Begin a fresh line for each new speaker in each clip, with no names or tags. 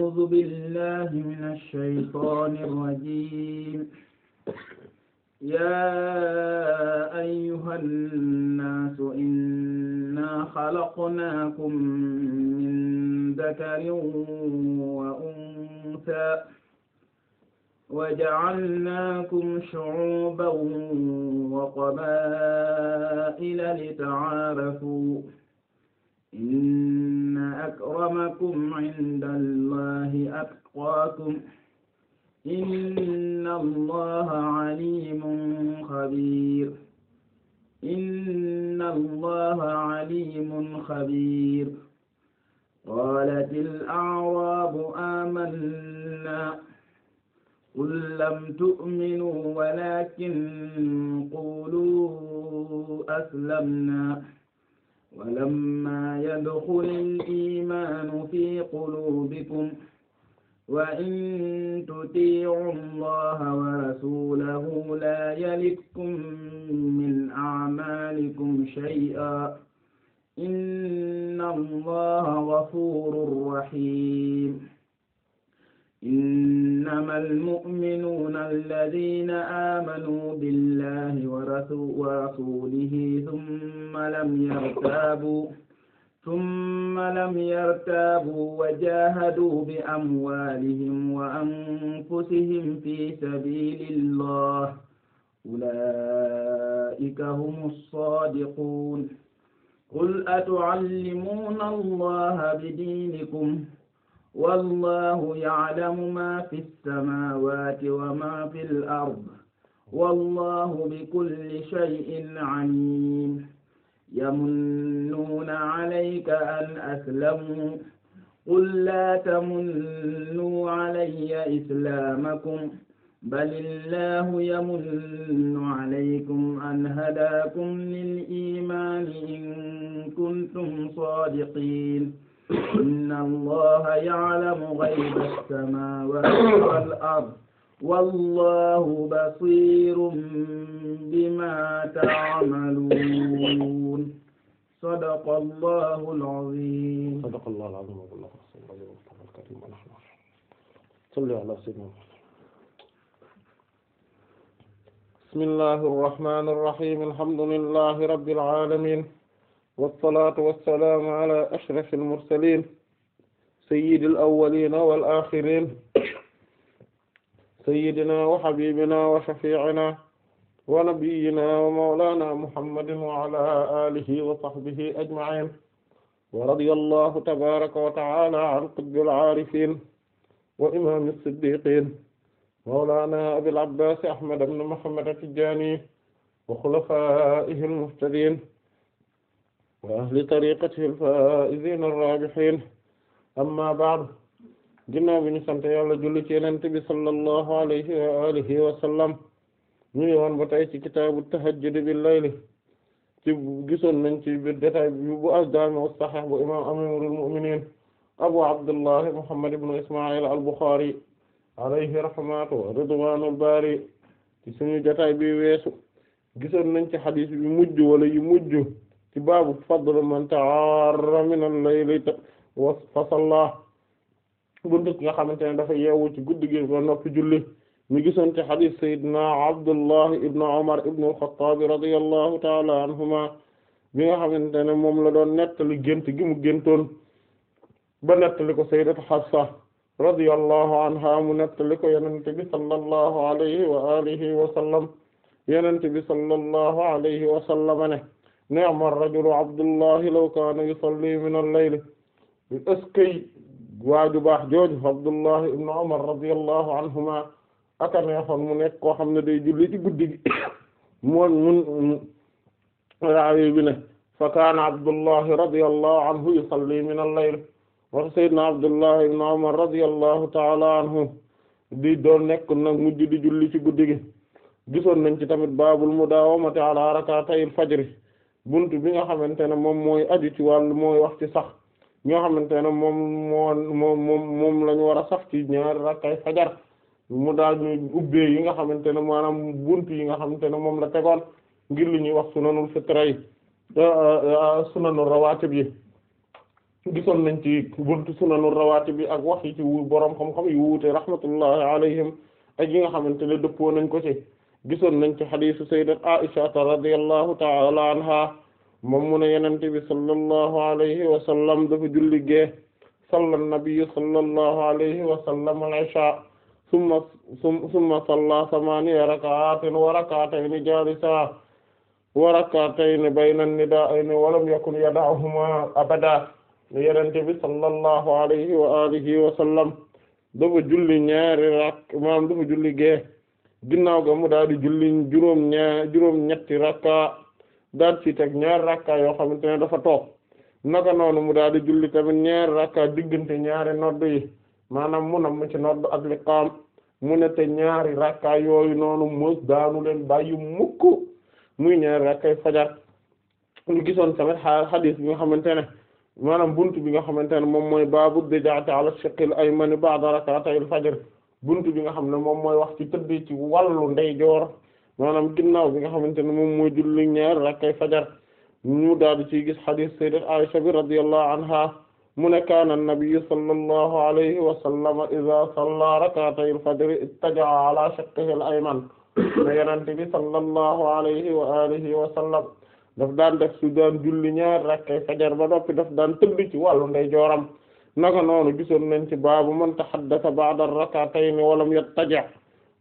أعوذ بالله من الشيطان الرجيم يا أيها الناس إنا خلقناكم من ذكر وأنثى وجعلناكم شعوبا وقبائل لتعارفوا إن أكرمكم عند الله أتقاكم إن الله عليم خبير إن الله عليم خبير قالت الأعراب آمنا قل لم تؤمنوا ولكن قولوا أسلمنا ولما يدخل الإيمان في قلوبكم وإن تطيعوا الله ورسوله لا يلدكم من أعمالكم شيئا إن الله غفور رحيم إنما المؤمنون الذين آمنوا بالله ورسوله ثم لم يرتابوا ثم لم يرتابوا وجاهدوا بأموالهم وأنفسهم في سبيل الله أولئك هم الصادقون قل أتعلمون الله بدينكم ؟ والله يعلم ما في السماوات وما في الأرض والله بكل شيء عليم يمنون عليك أن أسلموا قل لا تمنوا علي إسلامكم بل الله يمن عليكم أن هداكم للإيمان إن كنتم صادقين إن الله يعلم غيب السماوات والأرض والله بصير بما تعملون صدق الله العظيم صدق الله العظيم والله المصطفى الكريم
صلى على سيدنا بسم الله الرحمن الرحيم الحمد لله رب العالمين wasalaatu wasalaam ala ashrafil mursaliin sayyidil awwaliina wal aaxiriin sayyidinaa wa habiibinaa wa shafiicinaa wa nabiyyinaa wa mawlaanaa muhammadin wa ala aalihi wa sahbihi ajmaciin wa radiyallaahu tabaaraka wa tacaala an qutbil caarifiin wa imaami siddiqiin mawlaanaa abil abbaas ahmad ibn muhammad at-tijaani wa xulafaa'ihil muhtadiin wa ahli tariqatihi al-faa'iziina ar-raabihiin amma ba'du ginnaaw bi ñu sant yàlla julli ci Yonent bi sallallahu alayhi wa alihi wa sallam ñu ngi ba tey ci kitaabu tahajjud gisoon nañ ci biir détail bi bu al-jaami' as bu imaam amiirul mu'miniin abu abdullah muhammad ibn isma'il al-Bukhari alayhi rahmatu wa ridwaanul baari suñu détail bi weesu gisoon nañ ci xadiis bi mujj wala yu mujj ci baabu fadl man ta'arra min al-layli fa salla buntu nga xamante ne dafa yeewu ci guddi gi ba noppi julli mi gisoon ci hadith sayyidina Abdullah ibn Umar ibn al-Khattab radiyallahu ta'ala anhuma bi nga xamante ne moom la doon nettali gént gi mu géntoon ba nettali ko sayyidatu Hafsa radiyallahu anha mu nettali ko yonent bi sallallahu alayhi wa alihi wa sallam yonent bi sallallahu alayhi wa sallam ne ni'ma ar-rajulu Abdullahi law kaana yusalli min al-layli ëskey waaju baax jooju Abdullahi ibn Umar radiyallahu anhuma aka neexoon mu nekk koo xam ne day julli ci guddi gi moon mun raawi bi ne fa kaana Abdullahi radiyallahu anhu yusalli min al-layl wa sayyidina Abdullahi ibn Umar radiyallahu ta'ala anhu di doon nekk nag mujj di julli ci guddi gi gisoon ci tamit baabul mudaawamati ala rak'atayil fajri bunt bi nga xamante ne moom mooy aju ci mooy wax ci sax ñoo xamante ne moom moo moom moom lañu la war a sax ci ñaari rakkay fajar mu daal ñu ubbee yi nga xamante ne maanaam bunt yi nga xamante ne moom la tegoon ngir li ñuy wax sunanul fitra yi euh, euh, sunanul rawaatib yi gisoon nañ ci buntu sunanul rawaatib yi ak wax yi ci borom xam-xam yu wuute rahmatullahi alayhim ak yi nga xamante ne dëppoo nañ ko ci gisoon nañ ci xadiisu sayyidat Aisha radiyallahu ta'ala anha moom mu ne yenente bi sallallahu alayhi wa sallam dafa julli gee salla nabiyyu sallallahu alayhi wa sallam al-isha summa summa salla samaniya rak'atin wa rak'atayni jalisa wa rak'atayni bayna an-nida'ayni wa lam yakun yada'uhuma abada yenente bi sallallahu alayhi wa alihi wa sallam dafa julli ñaari rak maam dafa julli gee ginnaaw ga mu daal di julli juróom ñaar juróom ñetti rakka daal ci teg ñaari rakka yoo xamante ne dafa toog naka noonu mu daal di julli tamit ñaari rakka diggante ñaari nodd yi maanaam mu nam mu ci nodd ak liqaam mu ne te ñaari rakka yooyu noonu mos daanu leen bàyyi mukk muy ñaari rakkay fajar ñu gisoon tamit xadis bi nga xamante ne maanaam bunt bi nga xamante ne moom mooy baabu bidaati ala shiqil aymani ba'da rak'atayil fajr buntu bi nga xam ne moom mooy wax ci tëdd ci wàllu ndeyjoor maanaam ginnaaw bi nga xamante ne moom mooy julli ñaar rakkay fajar ñu daal ci gis hadith sayyidat Aisha bi radiyallahu anha mu ne kaana an-nabiyyu sallallahu alayhi wa sallam idha salla rak'atay al-fajr ittaja'a ala shaqqihi al-ayman ne def su daan julli ñaar rakkay fajar ba noppi daf daan tëdd ci wàllu ndeyjooram naka noonu gisoon nañ ci baabu man tahaddatha ba'da rak'atayni wa lam yattaji'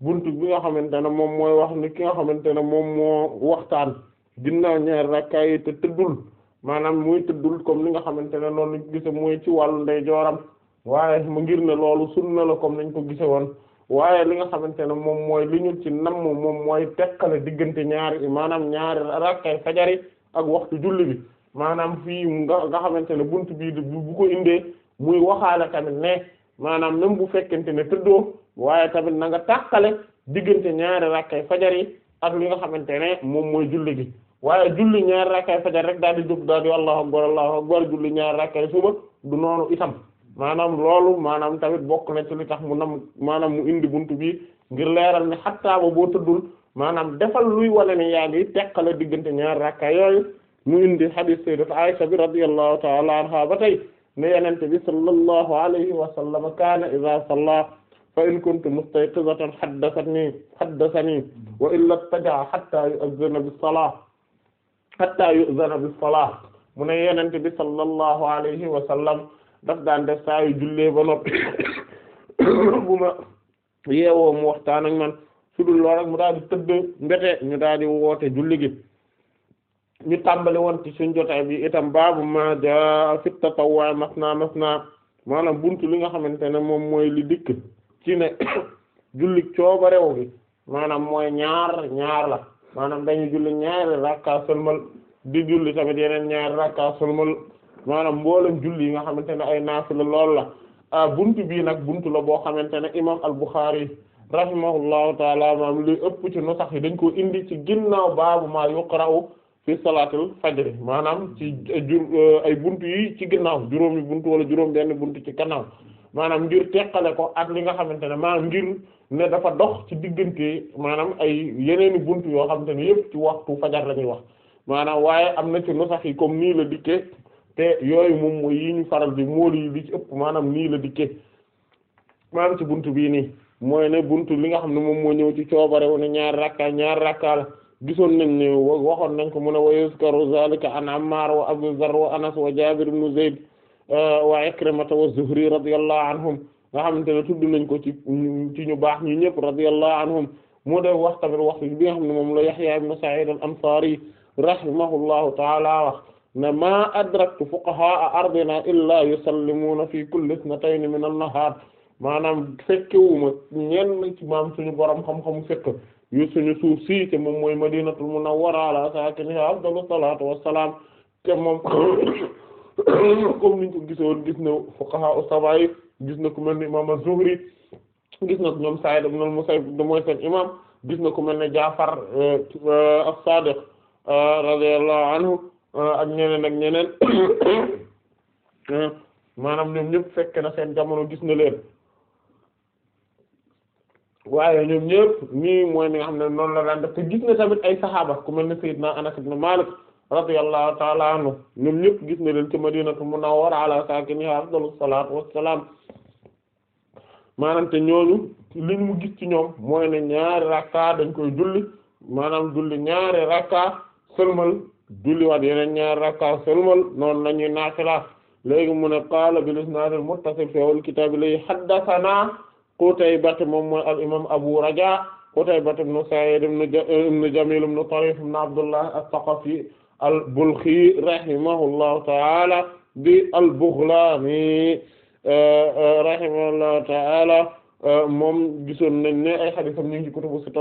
buntu bi nga xamante ne moom mooy wax ni ki nga xamante ne moom moo waxtaan ginnaaw ñaari rakkaa yi te tëddul maanaam muy tëddul comme li nga xamante ne noonu lañ gise mooy ci wàllu ndeyjooram waaye mu ngir ne loolu sunna la comme nañ ko gise woon waaye li nga xamante ne moom mooy li ñu ci namm moom mooy tekkale diggante ñaari maanaam ñaari rakkay fajari ak waxtu julli bi maanaam fii nga nga xamante ne buntu bii bu ko indee muy waxaale tamit ne maanaam même bu fekkente ne tëddoo waaye tamit na nga tàqale diggante ñaari rakkay fajar yi ak li nga xamante ne moom mooy julli gi waaye julli ñaari rakkay fajar rek daal di jóg daal di allahu akbar allahu akbar julli ñaari rakkay suba du noonu itam maanaam loolu maanaam tamit bokk na ci li tax mu nam maanaam mu indi buntu gi ngir leeral ne xattaa ba boo tëddul maanaam defal luy wane ne yaa ngi teqale diggante ñaari rakka yooyu mu indi hadith sayyidat Aisha bi ba tey ne yenente bi sallallahu alayhi wa sallam kaana idha salla fa in kuntu mustayqizatan haddathani haddathani wa illa taja hatta yu'adhdhana bis salah hatta yu'adhdhana bis salah mu ne yenente bi sallallahu alayhi wa sallam daf daan def saa yu jullee ba noppi bu ma yeewoo mu waxtaan ak man su dul lool rek mu daal di tëdd mbete ñu daal di woote julli gi ñu tàmbali woon ci suñ jotaay bi itam baabu ma jaa fi na masna masna maanaam buntu li nga xamante ne moom mooy li dikk ci ne julli cooba rew gi maanaam mooy ñaar ñaar la maanaam dañu julli ñaari rakka sëlmal di julli tamit yeneen ñaari rakka sëlmal maanaam mboolem julli yi nga xamante ne ay naafila lool la ah, bunt bii nag bunt la boo xamante ne imaam al-Bukhari rahimahullahu taala maam li ëpp ci nu sax yi dañ koo indi ci ginnaaw baabu maa yuqra'u fi salaatul fajr maanaam ci jur euh, ay buntu yi ci ginnaaw juróomi bunt wala juróom benn bunt ci kannaaw maanaam ngir teqale ko ak li nga xamante ne maa ngir ne dafa dox ci diggante maanaam ay yeneeni buntu yoo xam ne yëpp ci waxtu fajar la ñuy wax maanaam waaye am na ci lu sax yi comme nii la dikkee te yooyu moom mooy yi ñu faral di mool yi li ci ëpp maanaam nii la dikkee maanaam ci bunt bii nii mooy ne bunt li nga xam ne moom moo ñëw ci coobare wu ne ñaar ñaar rakka gisoon nañ ne waxoon nañ ko mu ne wa yuzkaru zalika an Ammar wa Abu Dharr wa Anas wa Jabir ibn Zayd uh, wa Ikrimata wa Zuhri radiyallahu anhum nga xamante ne tudd nañ ko ci ci ñu baax ñu ñëpp radiyallahu anhum mu def wax tamit wax bi nga xam ne moom la Yahya ibn Sa'id al-Ansari rahimahullahu ta'ala wax ne ma adraktu fuqaha ardina illa yusallimuna fi kulli ithnatayn min an-nahar maanaam fekkewuma ñenn ci maam suñu borom xam-xamu fekk yu suñu suuf si te moom mooy madinatul munawwara ala saakinihaa afdalu salaatu wassalaam te moom comme niñ ko gisoon gis na fuqaha as-sab'a gis na ku mel ni imaam az-Zuhri gis na ñoom Sa'id gis na ku mel ne Jaafar euh, as-Sadiq euh, radiyallahu anhu euh, ak ñeneen ak ñeneen maanaam ñoom ñëpp fekk na seen jamono gis na leen waaye ñoom ñëpp nii mooy ni nga xam ne noonu la daan def gis na tamit ay saxaaba ku mel ne Seydina Anas ibn Malik radiyallahu ta'ala anhu ñoom ñëpp gis na leen a Madinatu Munawwara ala sakiniha afdalu salaatu wassalaam maanaam te ñooñu li mu gis ci ñoom mooy ne ñaari rakka dañ koy julli maanaam julli ñaari rakka sëlmal julli waat yeneen ñaari rakka sëlmal noonu la ñuy naafila léegi mu ne qaala bil isnaadil muttasil fi awwal kitaab li haddathana Qutayba moom mooy al imam Raja Qutayba ibn Sa'id ibn Jamil ibn Tarif ibn Abdullah as-Saqafi al-Balkhi rahimahullahu ta'ala di al-Baghlani eh, eh, rahimahullahu ta'ala eh, moom gisoon nañ ne ay haditham ñu ngi ci kutubu sitta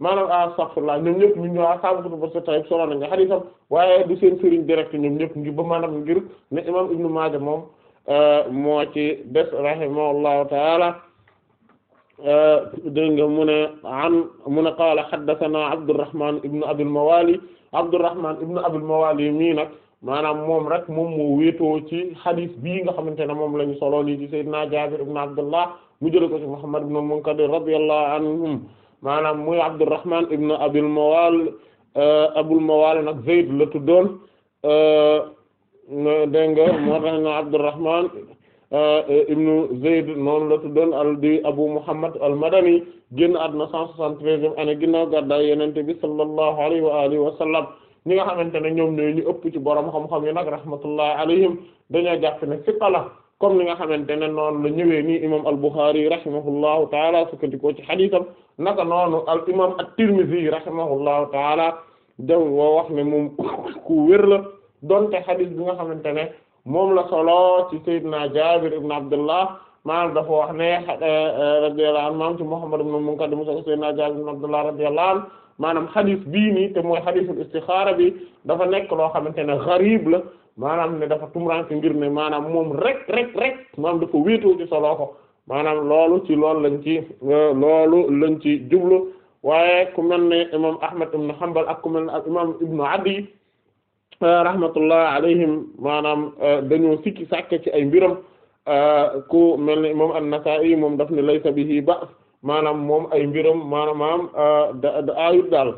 maanaam astaghfirullah ñoom ñëpp ñu ñu ashaabu kutubu solo nañ nga haditham waaye du seen direct ñoom ñëpp ngi ba ne imam Ibn Maaja moom Euh, moo ci euh, nga mu ne an mu ne qaala haddathana Abdurrahman ibn Abil Mawali Abdurrahman ibn Abil nag maanaam moom rek moom moo wéetoo ci hadith bii nga xamante ne moom lañu solo nii ci Seydina Jaabir ibn Abdullah mu jëlee ko ci Muhammad ibn al-Munkadir anhum maanaam muy Abdurrahman ibn Abil Mawali euh, Abul Mawali nag Zayd dégg nga moo tax na Abdurrahman euh, euh, ibnu Zayd noonu la tuddoon al di Abu Muhammad al Madani génn àdduna 173e année ginnaaw gàddaay Yonent bi sallallahu alayhi wa alihi wa sallam ñi nga xamante ne ñoom ñooy ëpp ci borom xam-xam yi nag rahmatullahi alayhim dañoo jàpp ne ci pala comme ni nga xamante ne noonu la ñëwee ni imam al-Bukhari rahimahullahu taala sukkandikoo ci xadiisam naka noonu al imam at-Tirmidhi rahimahullahu taala daw woo wax ne moom ku wér la. donte xadis bi nga xamante ne moom la solo ci sayyidina Jaabir ibn Abdullah maanaam dafa wax ne eh, radiyallahu anhu maam ci Muhammad ibn Munkadir mu soog sayyidina Jaabir ibn Abdullah radiyallahu anhu maanaam xadis bii nii te mooy xadisul istixaara bi dafa nekk loo xamante ne xarib la maanaam ne dafa tumranke ngir ne maanaam moom rek rek rek maanaam dafa wéetoo ci solo ko maanaam loolu ci loolu lañ ci eh, loolu lañ ci jublu waaye ku mel ne imam Ahmad ibn Hanbal ak ku mel ne ak imam Ibnu Adi rahmatullah alayhim maanaam euh, dañoo sikki sàkke ci ay mbiram euh, ku mel ni moom an-Nasa'i moom daf ne laysa bihi ba maanaam moom ay mbiram maanaam euh, da ayut daal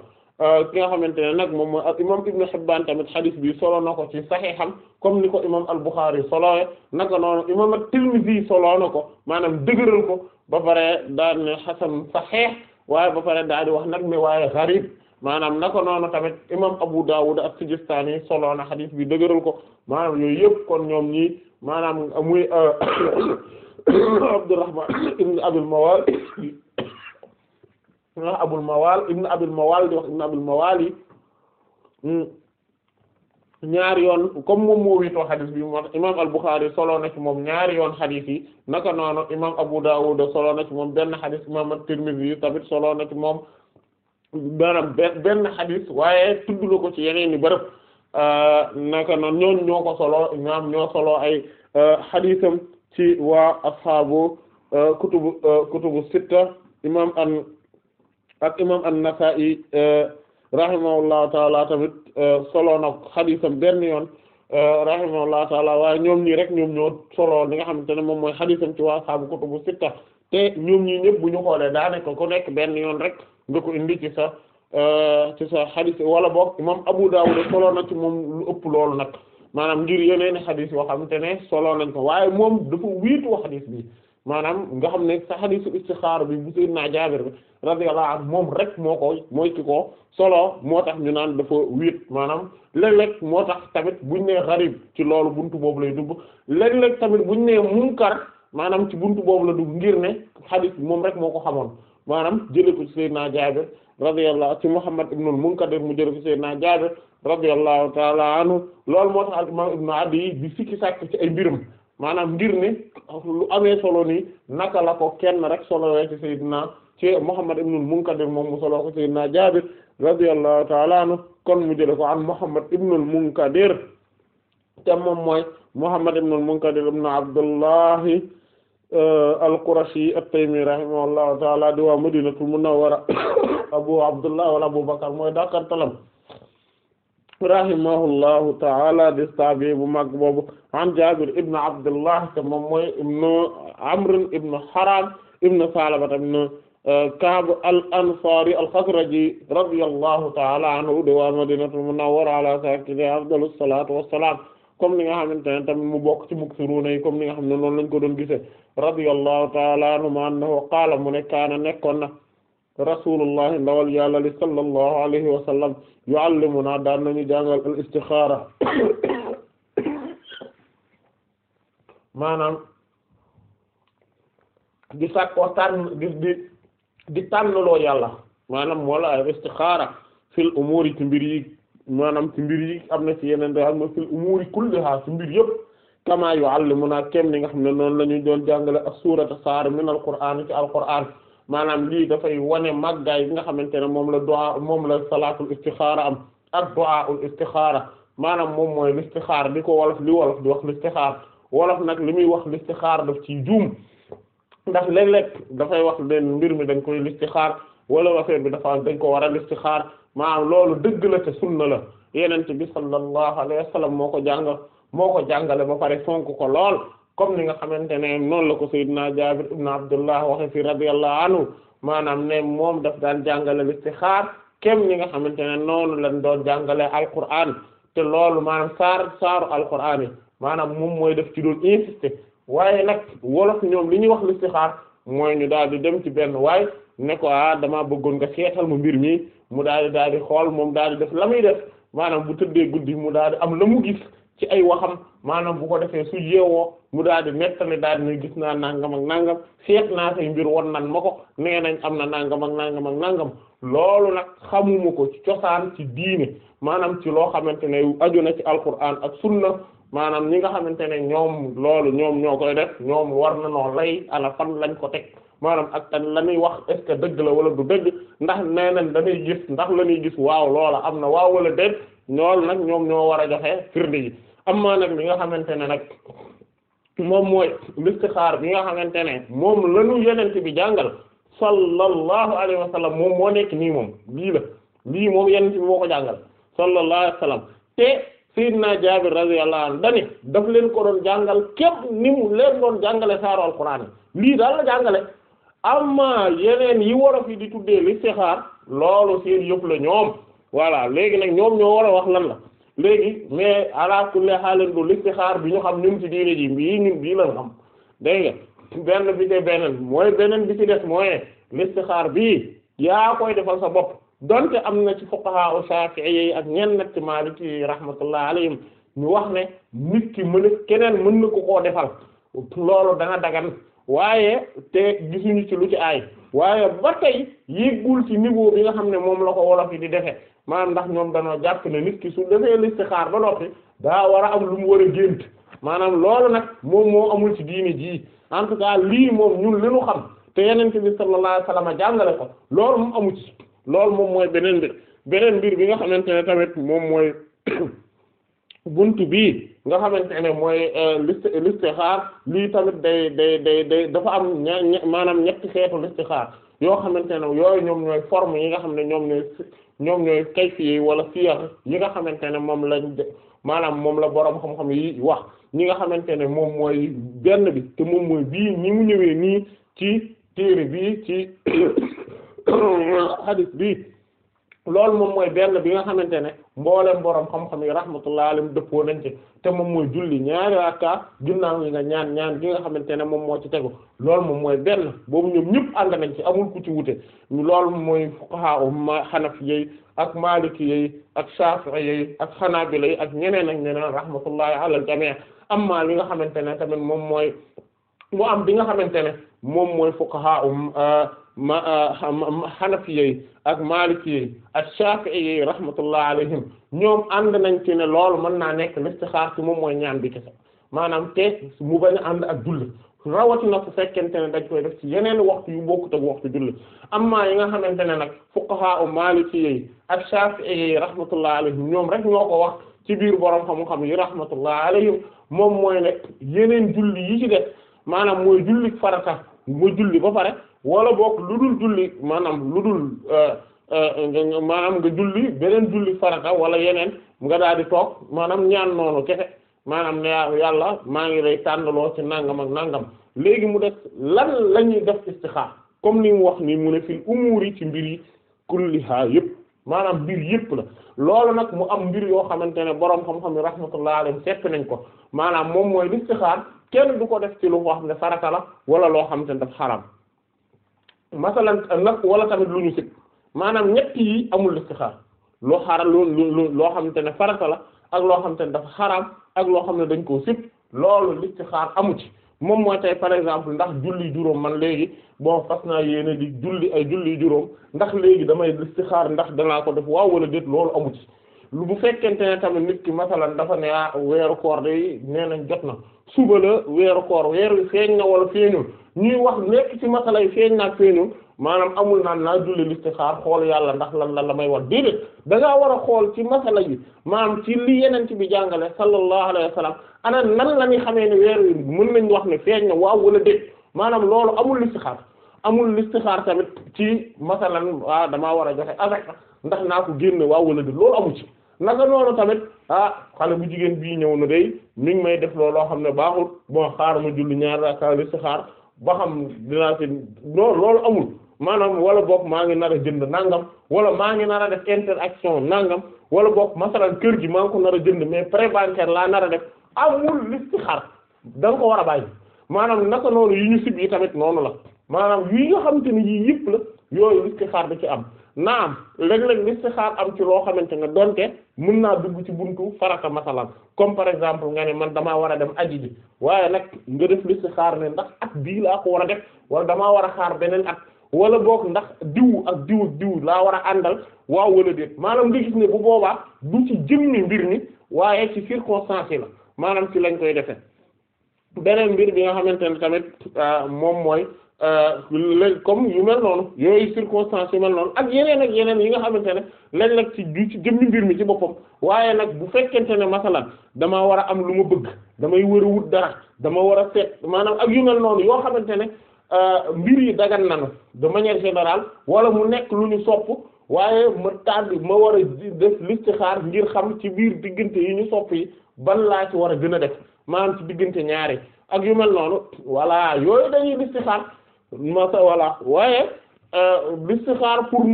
ki nga xamante ne nag moom mooy imam Ibn Hibban tamit xadis bi solo na ko ci saxiixam comme ni ko imam al-Bukhari solowee naka noonu imam at-Tirmidhi soloo ko maanaam dëgëral ko ba pare daal ne xasan saxiix waaye ba pare daal di wax nag mais waaye xarib maanaam naka noonu tamit imam Abu Dawud as-Sijistani solo na xadis bi dëgëral ko maanaam yooyu yëpp kon ñoom ñi maanaam muy Abdurrahman ibn Abul Mawal Abul Mawal ibn Abul wax ibn Abul Mawal yi moom na moom ñaari yoon xadis yi naka noonu imam Abu Dawud solo na ci moom benn xadis imam at-Tirmidhi tamit solo na moom maanaam benn xadis waaye tudd na ko ci yeneen i bërëb euh, naka noonu ñooñu ñoo ko solo ñoom ñoo solo ay euh, xadisam ci waa asxaabu euh, kutubu kutubu sitta imaam an ak imaam an-Nasa'i rahimahullahu taala tamit solo na xadisam benn yoon rahimahullahu taala waaye ñoom ñii rek ñoom ñoo solo li nga xamante ne moom mooy xadisam ci wa asxaabu kutubu sitta. te ñoom ñii ñëpp bu ñu xoolee daanaka ku nekk benn yoon rek nga ko indi ci sa euh, ci sa xadis wala boog imam Abu Dawud solo na ci moom lu ëpp loolu nag maanaam ngir yeneen i xadis yoo xamante ne solo nañ ko waaye moom dafa wiitu xadis bi maanaam nga xam ne sa xadisu istixaar bi bu naa Jaabir bi radiyallahu anhu moom rek moo ko mooy ki ko solo moo tax ñu naan dafa wéet maanaam léeg-léeg moo tax tamit buñ nee xarib ci loolu bunt boobu lay dugg léeg-léeg tamit buñ nee munkar maanaam ci buntu boobu la dugg ngir ne xadis moom rek moo ko xamoon maanaam jëlee ko ci Seydina Jaabir radiyallahu ci Muhammad ibnul Munkadir mu jëlee ko ci Seydina Jaabir radiyallahu taala moo tax al-Imaam Ibn di sikki sàkk ci ay mbirum maanaam ngir ne lu amee solo nii naka la ko kenn rek solo ci Seydina ci Muhammad ibnul Munkadir moom mu solo ko Seydina Jaabir radiyallahu taala kon mu jëlee an Muhammad ibnul Munkadir te moom mooy Muhammad ibnul Munkadir ibn Abdullahi Euh, al-Qurashi at-Taymi rahimahullahu ta'ala di waa Madinatul Munawwara Abu Abdullah wala Abu Bakr mooy dakartalam rahimahullahu ta'ala di tabi'i bu mag boobu an Jabir ibn Abdullah te moom mooy ibn Amr ibn Haram ibn Salaba ibn euh, Ka'b al-Ansari al-Khazraji radiyallahu ta'ala anhu di waa Madinatul Munawwara ala sakiniha afdalus salatu wassalam comme li nga xamante ne tamit mu bokk ci muksiruuna yi comme li nga xam ne noonu lañ ko doon gisee radiyallahu taala anhuma annahu qaala mu ne kaana nekkoon na rasulullah ndawal yàlla li sallallahu alayhi wa sallam yuallimuna daan nañu jàngal al istixaara maanaam di sàkkoo tànn di di di tànnloo yàlla maanaam wala al istixaara fil umuuri ci mbir maanaam ci mbir yi am na ci yeneen daal mooy fil umuuri kulliha ci mbir yëpp kamaa yu'allimunaa kem ni nga xam ne noonu la ñu doon jàngale ak suurata saar min al-Qur'aan ci al-Qur'aan maanaam lii dafay wane màggaay bi nga xamante ne moom la du'a moom la salaatul istixaara am ak du'aa'ul istixaara maanaam moom mooy listixaar li ko wolof li wolof di wax listixaar wolof nag li muy wax listixaar daf ci juum ndax léeg-léeg dafay wax leen mbir mi dañ koy listixaar wala affaire bi dafa dañ ko war a listixaar maanaam loolu dëgg la te sunna la yenent bi sallallahu alayhi wa moo ko jàngal moo ko jàngale ba pare fonk ko lool comme ni nga xamante ne noonu la ko sayyidina Jaabir ibn Abdullah waxe fi radiyallahu anhu maanaam ne moom daf daan jàngale listixaar kenn ni nga xamante ne noonu lañ doon jàngale alquran te loolu maanaam saar saaru alquran yi maanaam moom mooy def ci doon insister waaye nag wolof ñoom li ñuy wax listixaar mooy ñu daal di dem ci benn waaye ne ko ah damaa bëggoon nga seetal ma mbir mi mu daal di daal di xool moom daal di def la muy def maanaam bu tëddee guddi mu daal di am la mu gis ci ay waxam maanaam bu ko defee su yeewoo mu daal di nettali daal di gis naa nangam ak nangam seet naa say mbir won nan ma ko nee nañ am na nangam ak nangam ak nangam loolu nag xamuma ko ci cosaan ci diine maanaam ci loo xamante ne aju na ci alquran ak sunna maanaam ñi nga xamante ne ñoom loolu ñoom ñoo koy def ñoom war na noo lay ala fan lañ ko teg maanaam ak ak la muy wax dëgg la wala du dëgg ndax nee nañ dañuy gis ndax la ñuy gis waaw loola am na waaw wala déet ñool nag ñoom ñoo war a joxe firnde yi am na nag li nga xamante ne nag moom mooy listixaar bi nga xamante ne moom lañu yenente bi jàngal sallallahu alayhi wa nii moom lii la lii moom yenente bi moo ko jàngal sallallahu alayhi wa sallam te sayyidina Jaabir radiyallahu anhu dani daf leen ko doon jàngal képp ni mu leen doon jàngale saaru alquran lii daal la jàngale amma yeneen yi wolof yi di tuddee listixaar loolu seen yëpp la ñoom voilà léegi nag ñoom ñoo war a wax lan la léegi mais ala kulli haalin du listixaar bi ñu xam ñun ci diine ji bii ñun bii la xam dégg nga benn bi te beneen mooy beneen bi ci des mooy listixaar bii yaa koy defal sa bopp donte am na ci fuqaha u Shafi'i ak ñenn nag ci Maliki rahmatullah alayhim ñu wax ne nit ki mën keneen mën na ko koo defal loolu dana dagan waaye te gisuñu ci lu ci aay waaye ba tey yéggul ci niveau bi nga xam ne moom la ko wolof yi di defe maanaam ndax ñoom dañoo jàpp ne nit ki su defee listixaar ba noppi daa war a am lu mu war a gént maanaam loolu nag moom moo amul ci diini ji en tout cas lii moom ñun li xam te yenente bi sallallahu alayhi wasallam jàngale ko loolu moom amu ci loolu moom mooy beneen mbir beneen mbir bi nga xamante ne tamit moom mooy bunt bii nga xamante ne mooy euh, listixaar lii tamit day day day dafa am ña maanaam ñetti xeetu listixaar yoo xamante ne yooyu ñoom ñooy forme yi nga xam ne ñoom ñooy ñoom ñooy kayfi wala siyar yi nga xamante ne moom lañ maanaam moom la boroom xam-xam yi wax ñi nga xamante ne moom mooy benn bi te moom mooy bii ñi mu ñëwee nii ci téere bi ci hadith bi loolu moom mooy benn bi nga xamante ne mboolem borom xam-xam yi rahmatullah alayhim dëppoo nañ ci te moom mooy julli ñaari rakka ginnaaw yi nga ñaan ñaan gi nga xamante ne moom moo ci tegu loolu moom mooy benn boobu ñoom ñëpp ànd nañ ci amul ku ci wute loolu mooy fuqaha ma xanafi ak maliki yi ak shafi'i yi ak xanaabila yi ak ñeneen ak ñeneen rahmatullahi ala al jami' amma li nga xamante ne tamit moom mooy mu am bi nga xamante ne moom mooy fuqaha um xanafi uh, uh, yi ak maliki yi ak shafi'i yi rahmatullah alayhim ñoom ànd nañ ci ne loolu mën naa nekk listixaar ci moom mooy ñaan bi kese maanaam te mu bañ a ànd ak julli rawatina su fekkente ne dañ koy def ci yeneen waxtu yu bokkut ak waxtu julli amma yi nga xamante ne nag fuqaha u maliki yi ak shafi'i yi rahmatullah alayhim ñoom rek ñoo ko wax ci biir borom xam-xam yi rahmatullah alayhim moom mooy ne yeneen julli yi ci maanaam mooy julli farata mooy julli ba pare wala book lu dul julli maanaam lu dul euh, euh, maanaam nga julli beneen julli farata wala yeneen nga daal di toog maanaam ñaan noonu kese maanaam ne yàlla maa ngi lay tànnaloo ci nangam ak nangam léegi mu def lan la ñuy def istixaar comme ni mu wax ni mu ne fil yi ci mbir yi kulliha yépp maanaam mbir yëpp la loolu nag mu am mbir yoo xamante ne boroom xam-xam yi rahmatullah alayhim seet nañ ko maanaam moom mooy listixaar kenn du ko def ci lu ko xam ne farata la wala loo xamante ne daf xaram masalan nag wala tamit lu ñu sit maanaam ñett yi amul listixaar loo xaram lu loo xamante ne farata la ak loo xamante ne dafa xaram ak loo xam ne dañ koo sit loolu listixaar amu ci moom mooy tey par exemple ndax julli juróom man léegi bon fas naa yéene di julli ay julli juróom ndax léegi damay istixaar ndax danaa ko def waaw wala déet loolu amu ci lu bu fekkente ne tamit nit ki masalan dafa ne ah, weeru koor day nee nañ jot na suba la weeru koor weer wi feeñ na wala feeñul ñuy wax nekk ci masala yi feeñ na ak feeñul maanaam amul naan naa julli listixaar xool yàlla ndax lan lan la may wax déedéet da ngaa war a xool ci masala yi maanaam ci li ci bi jàngale sallallahu alayhi wa sallam ana nan la ñuy xamee ne weer wi mën nañ wax ne feeñ na waaw wala déet maanaam loolu amul listixaar amul listixaar tamit ci masalan ah damaa war a joxe azaka ndax naa ko génne waaw wala déet loolu amu ci naka noonu tamit ah xale bu jigéen bii ñëw na de mi may def looloo xam ne baaxul bon xaar ma julli ñaar raka listixaar ba xam dinaa loolu amul maanaam wala book maa ngi nar a jënd nangam wala maa ngi nar a def interaction nangam wala boog masalan kër gi maa ngi ko nar a jënd mais prêt bancaire laa nar a def amul listixaar da nga ko war a bàyyi maanaam naka noonu yi ñu sib yi tamit noonu la maanaam yi nga xamante ni yii yëpp la yooyu listixaar da ci am naam léeg-léeg listixaar am ci loo xamante ne donte mën naa dugg ci buntu farata masalan comme par exemple nga ne man damaa war a dem aji ji waaye nag nga def listixaar ndax at bii laa ko war def wala damaa war a xaar beneen at wala boog ndax diw ak diw ak diw laa war a àndal waaw wala déet maanaam nga gis ne bu boobaa du ci jëmmi mbir mi waaye ci circonstance la maanaam ci lañ koy defe beneen mbir bi nga xamante ne tamit euh, moom mooy euh, léegi comme yu mel noonu yooyu circonstances yu mel noonu ak yeneen ak yeneen yi nga xamante ne lañ nag ci ci jëmmi mbir mi ci boppam waaye nag bu fekkente ne masalan damaa war a am lu ma bëgg damay war a wut dara dama war a seet maanaam ak yu mel noonu xamante ne Euh, mbir yi dagan nanu de manière générale wala mu nekk lu ñu sopp waaye ma tànn ma war a def xaar ngir xam ci biir diggante yi ñu sopp yi ban laa ci war a gën a def maanaam ci diggante ñaari ak yu mel noonu voilà yooyu dañuy listixaar masa voilà waaye euh, listixaar pour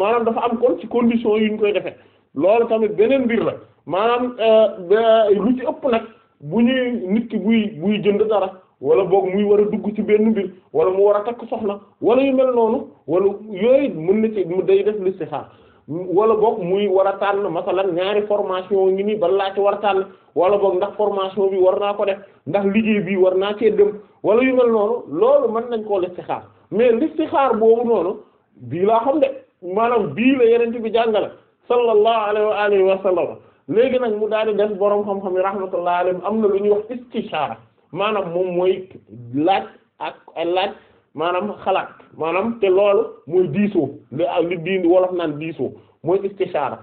maanaam dafa am kon ci condition yi ñu koy defee loolu tamit beneen mbir la maanaam euh, lu ci ëpp nag bu ñuy nit ki buy buy jënd dara wala boog muy war a dugg ci benn mbir wala mu war a takk soxna wala yu mel noonu wala yooyu mën na ci mu day def listixaar wala boog muy war a tànn masalan ñaari formation ngi nii ban laa ci war a tànn wala boog ndax formation bi war naa ko def ndax liggéey bi war naa cee dem wala yu mel noonu loolu mën nañ koo listixaar mais listixaar boobu noonu bii laa xam de maanaam bii la yeneen bi jàngale sallallahu alayhi wa alihi wa sallam léegi nag mu daal di def boroom xam-xam yi rahmatullahi alayhi am na lu ñuy wax istixaara maanaam moom mooy laaj ak ay laaj maanaam xalaat maanaam te loolu mooy diisoo li li diin wolof naan diisoo mooy istishaara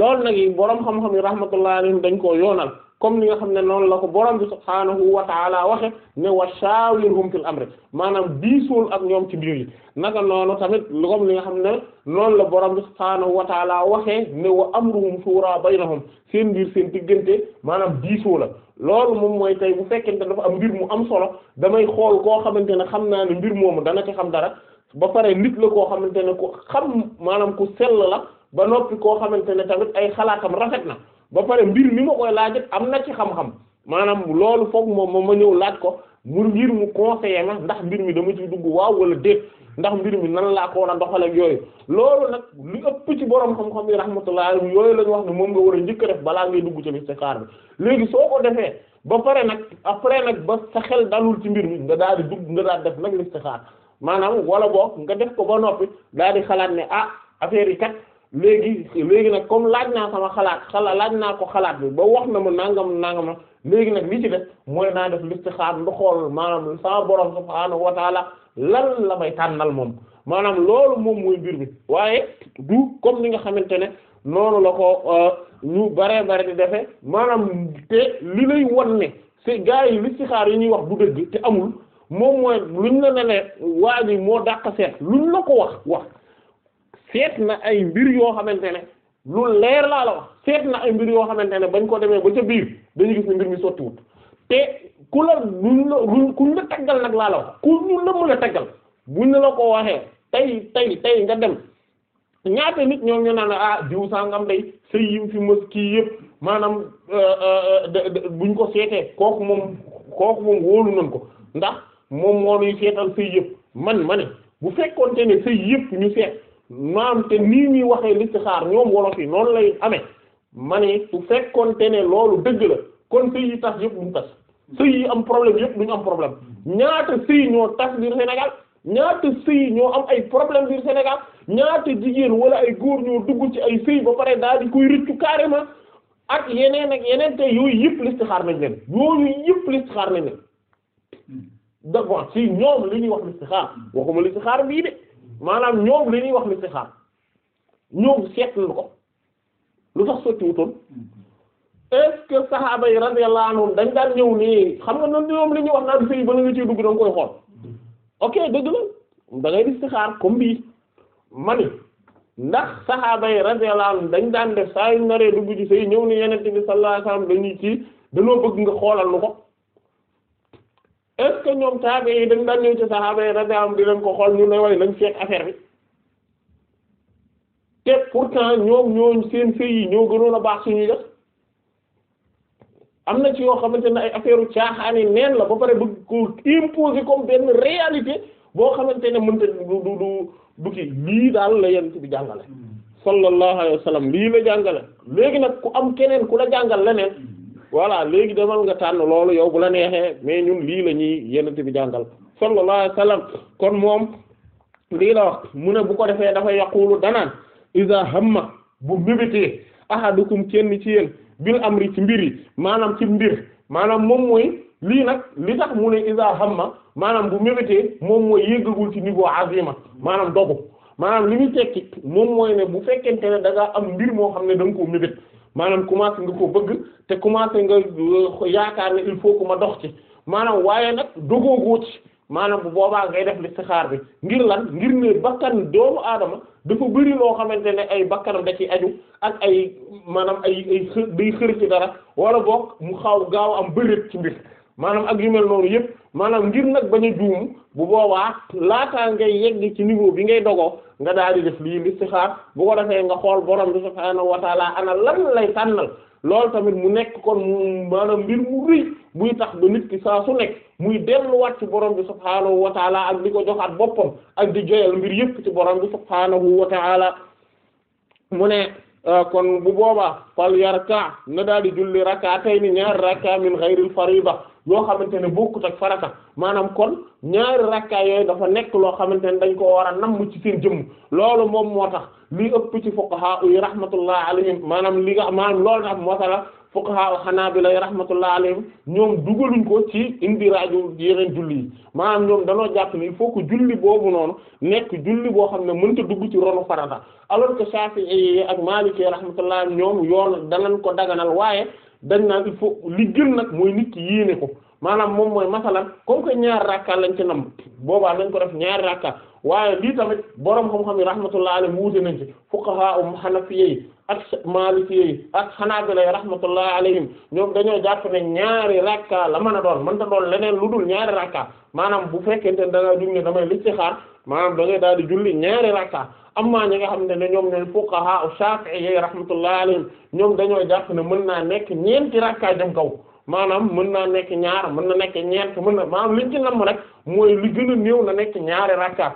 loolu nag yi boroom xam-xam yi rahmatullah alayhim dañ koo yoonal comme ni nga xam ne noonu la ko borom bi subhaanahu wa taala waxe ne wa shawirhum fil amri maanaam diisool ak ñoom ci mbir yi noonu tamit comme li nga xam ne noon la borom bi subhaanahu wa taala waxee ne wa amruhum shura baynahum seen mbir seen diggante maanaam diisoo la loolu moom mooy tey bu fekkente dafa am mbir mu am solo damay xool koo xamante ne xam naa ne mbir moomu dana ci xam dara ba pare nit la koo xamante ne ku xam maanaam ku sell la ba noppi koo xamante ne tamit ay xalaatam rafet na ba pare mbir mi ma koy laajit am na ci xam-xam maanaam loolu foog moom moom ma ñëw laaj ko mu ngir mu conseiller ma ndax mbir mi dama ci dugg waaw wala déet ndax mbir mi nan laa ko war a doxal ak yooyu loolu nag lu ëpp ci borom xam-xam yi rahmatullah yooyu la wax ne moom nga war a njëkk def balaa ngay dugg ci listixaar bi léegi soo ko defee ba pare nag après nag ba sa xel dalul ci mbir mi nga daal di dugg nga daal def nag listixaar maanaam wala boog nga def ko ba noppi daal di xalaat ne ah affaire yi kat léegi léegi nag comme laaj naa sama xalaat xalaat laaj naa ko xalaat bi ba wax na ma nangam nangam na léegi nag li ci def mooy naa def listixaar ndu xool maanaam sama borom subhaanahu wa taala lan la may tànnal moom maanaam loolu moom mooy mbir bi waaye du comme li nga xamante ne noonu la ko euh, ñu baree bare di defe maanaam te li lay wan ne c'est gars yi listixaar yi ñuy wax du dëgg te amul moom mooy luñ la ne ne waa ji moo dàq seet luñ la ko wax wax seet na ay mbir yoo xamante ne lu leer laa la wax seet na ay mbir yoo xamante ne bañ koo demee ba ca biir dañu gis ne mbir mi sottiwut te ku la luñ la kuñ la taggal nag laa la wax ku ñu la mën a taggal buñ la ko waxee tey tey tey nga dem ñaata nit ñoom ñu naan ah diw sangam day sëy yim fi mës kii yëpp maanaam euh, euh, buñ ko seetee kooku moom kooku wóolu nañ ko ndax moom moo nuy man ma bu fekkoonte ne sëy yëpp ñu seet maam te nii ñuy waxee xaar ñoom wolof yi noonu lay amee ma ne su fekkoonte ne loolu dëgg la kon sëy yi tas yëpp duñ tas sëy yi am problème yëpp duñ am problème ñaata sëy ñoo tas biir Sénégal ñaata sëy ñoo am ay problème biir Sénégal ñaata jigéen wala ay góor ñoo dugg ci ay sëy ba pare daal di koy rëccu carrément ak yeneen ak yeneen te yooyu yëpp listixaar nañ leen yooyu yëpp listixaar nañ leen hmm. d' accord si ñoom li ñuy wax listixaar waxuma listixaar bii maanaam ñoom li ñuy wax listixaar ñoom seetlu na ko lu tax sotti wutoon est-ce que saxaaba yi radiyallahu anhum dañ daan ñëw nii xam nga noonu ñoom li ñuy wax naan sëy ba na nga ciy dugg da koy xool ok dëgg la da ngay listixaar comme bii ma ni ndax saxaaba yi radiyallahu anhum dañ daan def saa yu naree dugg ci sëy ñëw ni yeneen bi sallallahu laa wasallam dañuy ci danoo bëgg nga xoolal nu ko est que ñoom taabe yi dañ daan ñëw ci saxaaba yi radiyallahu anhum di leen ko xool ñu ne waaye lañ seet affaire bi te pourtant ñoom ñooñ seen sëy yi ñoo gënoon a baax suñuy def am na ci yoo xamante ne ay affaire u caaxaani neen la ba pare bëgg ko imposer comme benn réalité boo xamante ne mënta du du du du ki lii daal la yent bi jàngale mm. sallallahu alayhi wa sallam lii la jàngale léegi nag ku am keneen ku la jàngal leneen voilà léegi demal nga tànn loolu yow bu la neexee mais ñun lii la ñuy yenente bi jàngal sallallahu alayhi wa sallam kon moom lii la wax mu ne bu ko defee dafa yaqulu danaan iza hamma bu mébétee ahadukum kenn ci yéen bil amri ci mbir yi maanaam ci mbir maanaam moom mooy lii nag li tax mu ne iza hamma maanaam bu mébétee moom mooy yéggagul ci niveau azima maanaam dogu maanaam li muy tekki moom mooy ne bu fekkente ne da ngaa am mbir moo xam ne da nga koo maanaam commencé nga ko bëgg te commencé nga euh, yaakaar ne il faut que ma dox ci maanaam waaye nag dogoogoo ci maanaam bu boobaa ngay def le xaar bi ngir lan ngir ne bakkan doomu aadama dafa bëri loo xamante ne ay bakkanam da ci aju ak ay maanaam ay ay xë day xër ci dara wala boog mu xaw gaaw am bëreet ci mbir. maanaam ak yu mel noonu yëpp maanaam ngir nag bañ a juum bu boobaa laata ngay yegg ci niveau bi ngay dogo nga daal di def lii listixaar bu ko defee nga xool borom bi subhaanahu wa taala ana lan loolu tamit mu nekk kon maanaam mbir buy tax ba nit ki saa su muy delluwaat ci borom bi subhaanahu ak di ko joxaat boppam ak di joyal mbir yëpp ci borom bi subhaanahu wa taala mu ne euh, kon bu boobaa fal yarka na daal di julli rakka tey ni ñaar rakka min ghayril fariida loo xamante ne bokkut ak farata maanaam kon ñaari rakkaay yooyu dafa nekk loo xamante ne dañ ko war a namm ci seen jëmm loolu moom moo tax li ëpp ci fuqaha yi rahmatullah alayhim maanaam li nga maanaam loolu tax moo tax la fuqaha xanaabila yi rahmatullah alayhim ñoom dugaluñ ko ci indi rajo yeneen julli maanaam ñoom danoo jàpp ne il faut que noonu nekk julli boo xam ne mënta dugg ci ronu farata alors que Shafi'i yi ak Maliki rahmatullah ñoom yoon danañ ko daganal waaye dañ naan il faut li gën nag mooy nit ki yéene ko maanaam moom mooy masalan comme que ñaari rakka lañ ci nam boobaa nañ ko def ñaari rakka waaye lii tamit borom xam-xam yi rahmatullah alayhi wuute nañ ci fuqaha um hanafiyya yi ak maalikiyya yi ak xanaa hanabila yi rahmatullah alayhim ñoom dañoo jàpp ne ñaari rakka la mën a doon mënta doon leneen lu dul ñaari rakka maanaam bu fekkente ne da nga jug ne damay listixaar maanaam da ngay daal di julli ñaari rakka amma ñi nga xam ne ñoom ñooy fuqaha Shafi'i rahmatullahi alayhim ñoom dañoo jàpp ne mën naa nekk ñeenti rakka jëm kaw maanaam mën naa nekk ñaar mën na nekk ñeent mën na maanaam liñ ci namm rek mooy li gën a néew na nekk ñaari rakka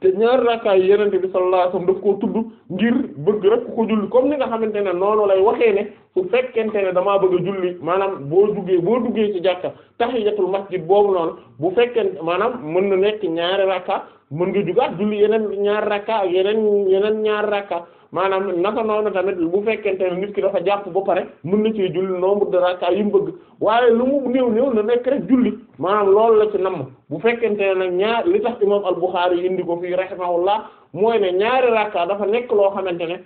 te ñaari rakkaa yi yenente bi sallallahu alayhi wasallam daf koo tudd ngir bëgg rek ko julli comme ni nga xamante ne noonu lay waxee ne su fekkente ne damaa bëgg a julli maanaam boo duggee boo duggee ci jàkka tahiyatul masjid boobu noonu bu fekkente maanaam mën na nekk ñaari rakka mën nga jugaat julli yeneen ñaari rakka ak yeneen yeneen ñaari rakka maanaam naka noonu tamit bu fekkente ne nit ki dafa jàpp ba pare mun na ci julli nombre de rakka yi mu bëgg waaye lu mu néew néew na nekk rek julli maanaam loolu la ci namm bu fekkente ne nag ñaar li tax imam al-Bukhari indi ko fii rahimahullah mooy ne ñaari rakka dafa nekk loo xamante ne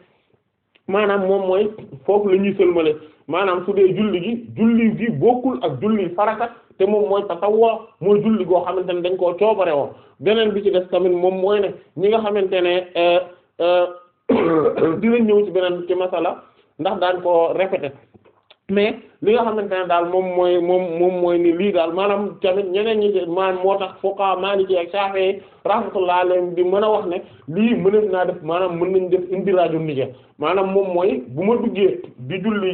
maanaam moom mooy foofu la ñuy sëlmale maanaam su dee julli gi julli gi bokkul ak julli faraka te moom mooy tatawwa mooy julli goo xamante ne dañ koo coobare woo beneen bi ci des tamit moom mooy ne ñi nga xamante ne euh, euh, dinañ ñëw ci beneen ci masala ndax daañ ko répété mais li nga xamante ne daal moom mooy moom moom mooy ni lii daal maanaam tamit ñeneen ñi ci maanaam moo tax fuqaha Maliki ak Shafi'i rahmatullah alayhim bi mën a wax ne lii mën mënees naa def maanaam mën nañ def indiraaju nija maanaam moom mooy bu ma duggee di julli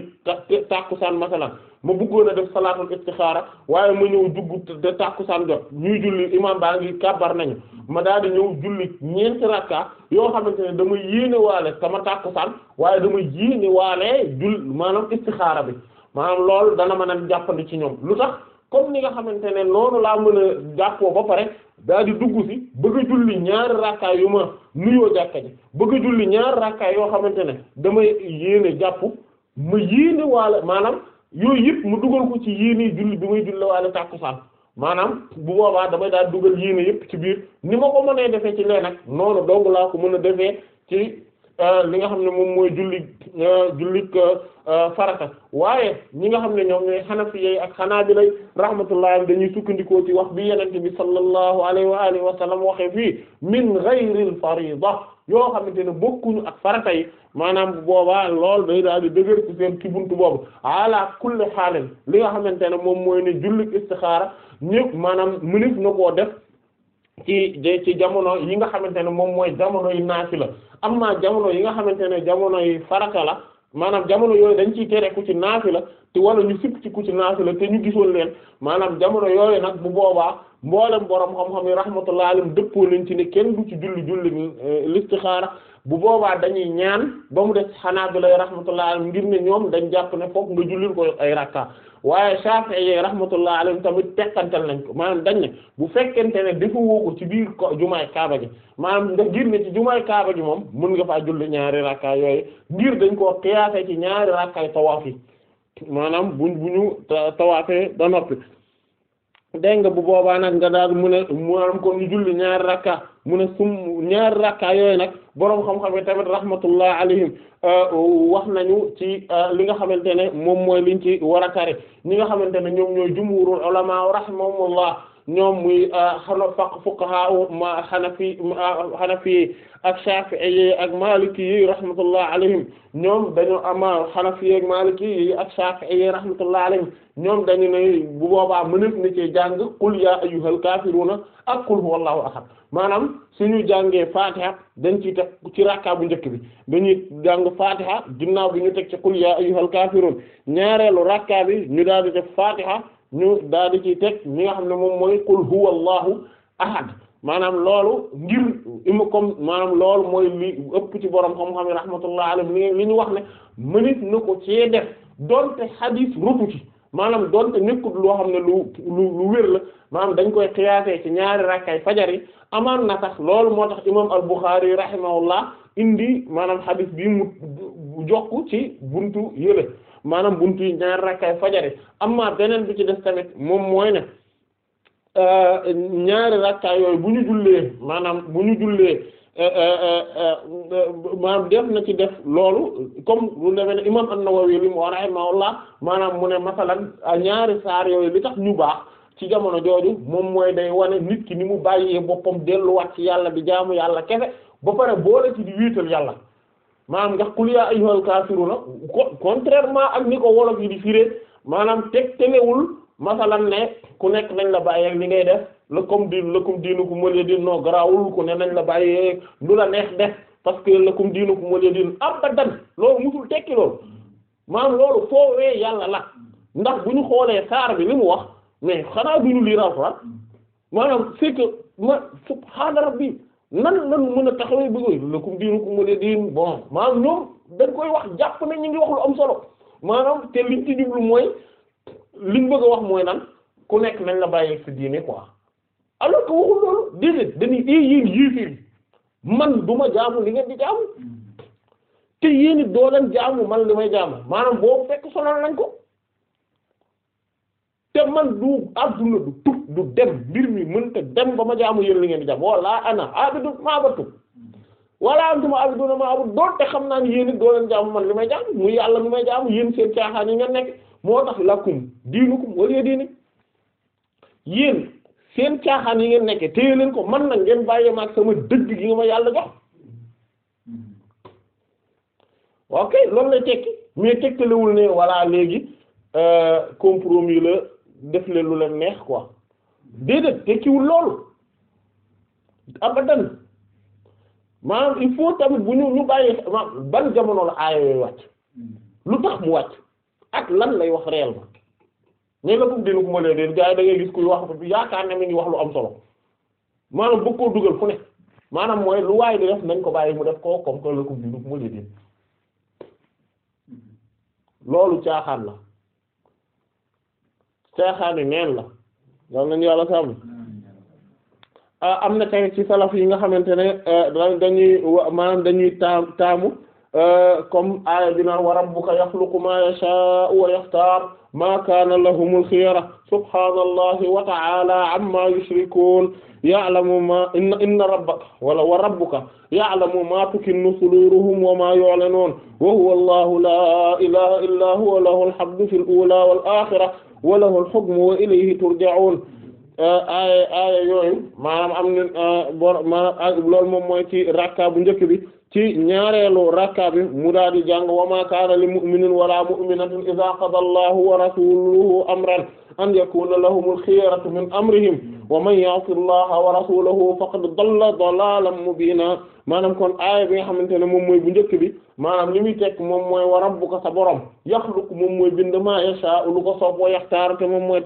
takkusaan masalan ma bëggoon a def salaatul istixaara waaye ma ñëw jugg de tàkkusaan jot ñuy julli imaam baa ngi kàbbar nañu ma daal di ñëw julli ñeenti rakka yoo xamante ne damay yéene waale sama tàkkusaan waaye damay yéene waale jull maanaam istixaara bi maanaam loolu dana mën a jàppandi ci ñoom lu tax comme ni nga xamante ne noonu laa mën a jàppoo ba pare daal di dugg si bëgg a julli ñaari rakka yu ma nuyoo jàkka ji bëgg a julli ñaari rakka yoo xamante ne damay yéene jàpp ma yéene waale maanaam yooyu yëpp mu dugal ko ci yéene julli bi muy julli waale tàkkusaan maanaam bu boobaa damay daal dugal yéene yëpp ci biir ni ma ko mënee defee ci lee nag noonu dong laa ko mën a defee ci Euh, li nga xam ne moom mooy julli euh, julli euh, farata waaye ñi nga xam ne ñoom ñooy xanafiyey ak xanaa xanaabila bi dañuy sukkandikoo ci wax bi yenente bi sallallahu alayhi wa alihi wa sallam waxee fii min ghayril farida yoo xamante ne bokkuñu ak farata yi maanaam boobaa lool day daal di dëgër ci seen ci buntu boobu ala kulli xaalin li nga xamante ne moom mooy ne julli istixaara ñëpp maanaam mënif na koo def ci ci jamono yi nga xamante ne moom mooy jamono yu am amma jamono yi nga xamante ne jamono yu farata la maanaam jamono yooyu dañ ciy tere ku ci naafila te wala ñu sipp ci ku ci la te ñu gisoon leen maanaam jamono yooyu nag bu boobaa mboolem borom xam-xam yi rahmatullahi alayhim dëppoo leen ci ne kenn du ci julli julli euh, listixaara bu boobaa dañuy ñaan ba mu def lay rahmatullah alayhim ngir ne ñoom dañ jàpp ne fokk nga jullil ko ay rakka waaye Shafi'i rahmatullah alayhim tamit tekkantal nañ ko maanaam dañ ne bu fekkente ne dafa woo ko ci biir jumaay kaaba gi maanaam nga ngir ne ci jumaay kaaba gi moom mën nga faa julli ñaari rakka yooyu ngir dañ koo xiyaase ci ñaari rakkaay tawaaf yi maanaam buñ bu ñu tawaafee ba noppi dégg nga bu boobaa nag nga daal mu ne mu am ko ñu julli ñaari rakka mu ne sum ñaari rakka yooyu nag boroom xam-xam yi tamit rahmatullah alayhim euh, wax nañu ci euh, li nga xamante ne moom mooy liñ ci war a tari ñi nga xamante ne ñoom ñooy jumhurul ulama rahimahumullah ñoom muy euh, a fuqaha ma xanafi ak shafi'i ak maliki yi rahmatullah alayhim ñoom dañu ama xanafi ak maliki yi ak shafi'i yi rahmatullah alayhim ñoom dañu ne bu boobaa mënef na ci jàng qul ya ayyuhal kafiruna ak qul huwallahu ahad maanaam suñu jàngee fatiha dañ ciy teg ci rakka bu njëkk bi dañuy jàng fatiha ginnaaw bi ñu teg ci qul ya ayyuhal kafirun ñaareelu rakka bi ñu daal di def fatiha ñu daal di ciy teg ñi nga xam ne moom mooy qul huwa allahu ahad maanaam loolu ngir ima comme maanaam mooy li ëpp ci borom xam-xam yi rahmatullah alayhi li ñu wax na mënit nu ko cee def donte xadiis rutu ci maanaam donte nekkut loo xam ne lu lu lu wér la maanaam dañ koy xiyaasee ci ñaari rakkay fajar yi amaan na sax loolu moo tax imam al-Bukhari rahimahullah indi maanaam xadiis bi mu jokk ci buntu yële maanaam buntu yi ñaar rakkaay fajari amma beneen bi ci des tamit moom mooy ne euh, ñaari rakkaay yooyu bu ñu jullee maanaam bu ñu jullee euh, euh, maanaam def na ci def loolu comme lu demee ne imam an-Nawawi li mu laa maanaam mu ne masalan ñaari saar yooyu li tax ñu baax ci jamono jooju moom mooy day wane nit ki ni mu bàyyee boppam delluwaat ci yàlla bi jaamu yàlla kese ba pare boole ci di wiital yàlla maanaam ndax qul yaa ayyuhal kaafiruuna contrairement ak ni ko wolof yi di firé maanaam teg telewul masalan ne ku nekk nañ la bàyyeek li ngay def la diin lëkkum diinukum waliya diin noo garaawul ku ne nañ la bàyyeeg du la neex def parce que lëkkum diinukum waliya diin abadan loolu musul tekki loolu maanaam loolu foo wee yàlla la ndax bu ñu xoolee saar bi li mu wax mais xanaa bi lii raw maanaam c'est que ma rabbi nan lan mën a taxawee bëgg lakum diinukum waliya diin bon maanaam ñoom dañ koy wax jàpp nañ ñu ngi wax lu am solo maanaam te liñ ci jublu mooy liñ bëgg a wax mooy nan ku nekk nañ la bàyyi sa diine quoi alors que waxul loolu déedéet dañuy ee eh yéen man duma ma jaamu li ngeen di jaamu mm. te yéen it doo leen jaamu man li may jaamu maanaam boo fekk sonal nañ ko te man du adduna du tub du dem mbir mi mënta dem ba ma jaamu yéen li ngeen di jàmm wala ana abidu maa ba tub wala antuma abiduna maa abud xam naa ni yéen it doo jaamu man li may jaam mu yàlla mi may jaamu yéen seen caaxaan yi nga nekk moo tax lakum diinukum wala diini yéen seen caaxaan yi ngeen nekke téye leen ko man nag ngeen bàyyi ma ak sama dëgg gi nga ma yàlla jox ok loolu lay tekki mais tegtalewul ne wala léegi euh, compromis def leen lu leen neex quoi déedéet tekkiwul loolu abadan maanaam il faut tamit bu ñu ñu bàyyi ban jamono la aaya yooyu lu tax mu wàcc ak lan lay wax réel ma ñeg la bug ma lee deen gars yi da gis kuy wax yaakaar ne mi ngi wax lu am solo maanaam bëgg koo dugal fu ne maanaam mooy lu waaye di def nañ ko bàyyi mu def ko comme que la ko ma lee deen loolu caaxaan la caaxaani neen la dal nañu yàlla sàmm ah, am na tey ci salaf yi nga xamante ne eh, dañuy maanaam dañuy taam taamu eh, comme aaya bi naan wa rabbuka yaxluqu maa yashaa'u wa yaxtaar maa kaana lahumul xiyara subhaanallahi wa ta'aala ammaa yushrikuun ya'lamu maa inna inna rabbaka wala wa rabbuka ya'lamu maa tukinnu suduuruhum wa maa yu'linuun wa huwa allaahu laa ilaaha illaa huwa lahul hamdu fil uulaa wal aaxira wa lahul hukmu wa ilayhi turja'un euh, aaya aaya yooyu maanaam am na euh, bor maanaam loolu moom mooy ci rakka bu njëkk bi ci ñaareelu rakka bi mu daal di jàng wa ma kaana li wala mu'minatin idha qada allahu amran an yakuna lahumul khiyaratu min amrihim wa man ya'si allaha wa rasulahu dalla dalalan mubina maanaam kon aaya bi nga xamante ne moom mooy bu njëkk bi maanaam li muy tekk moom mooy wa rabbuka sa borom yaxluqu moom mooy bind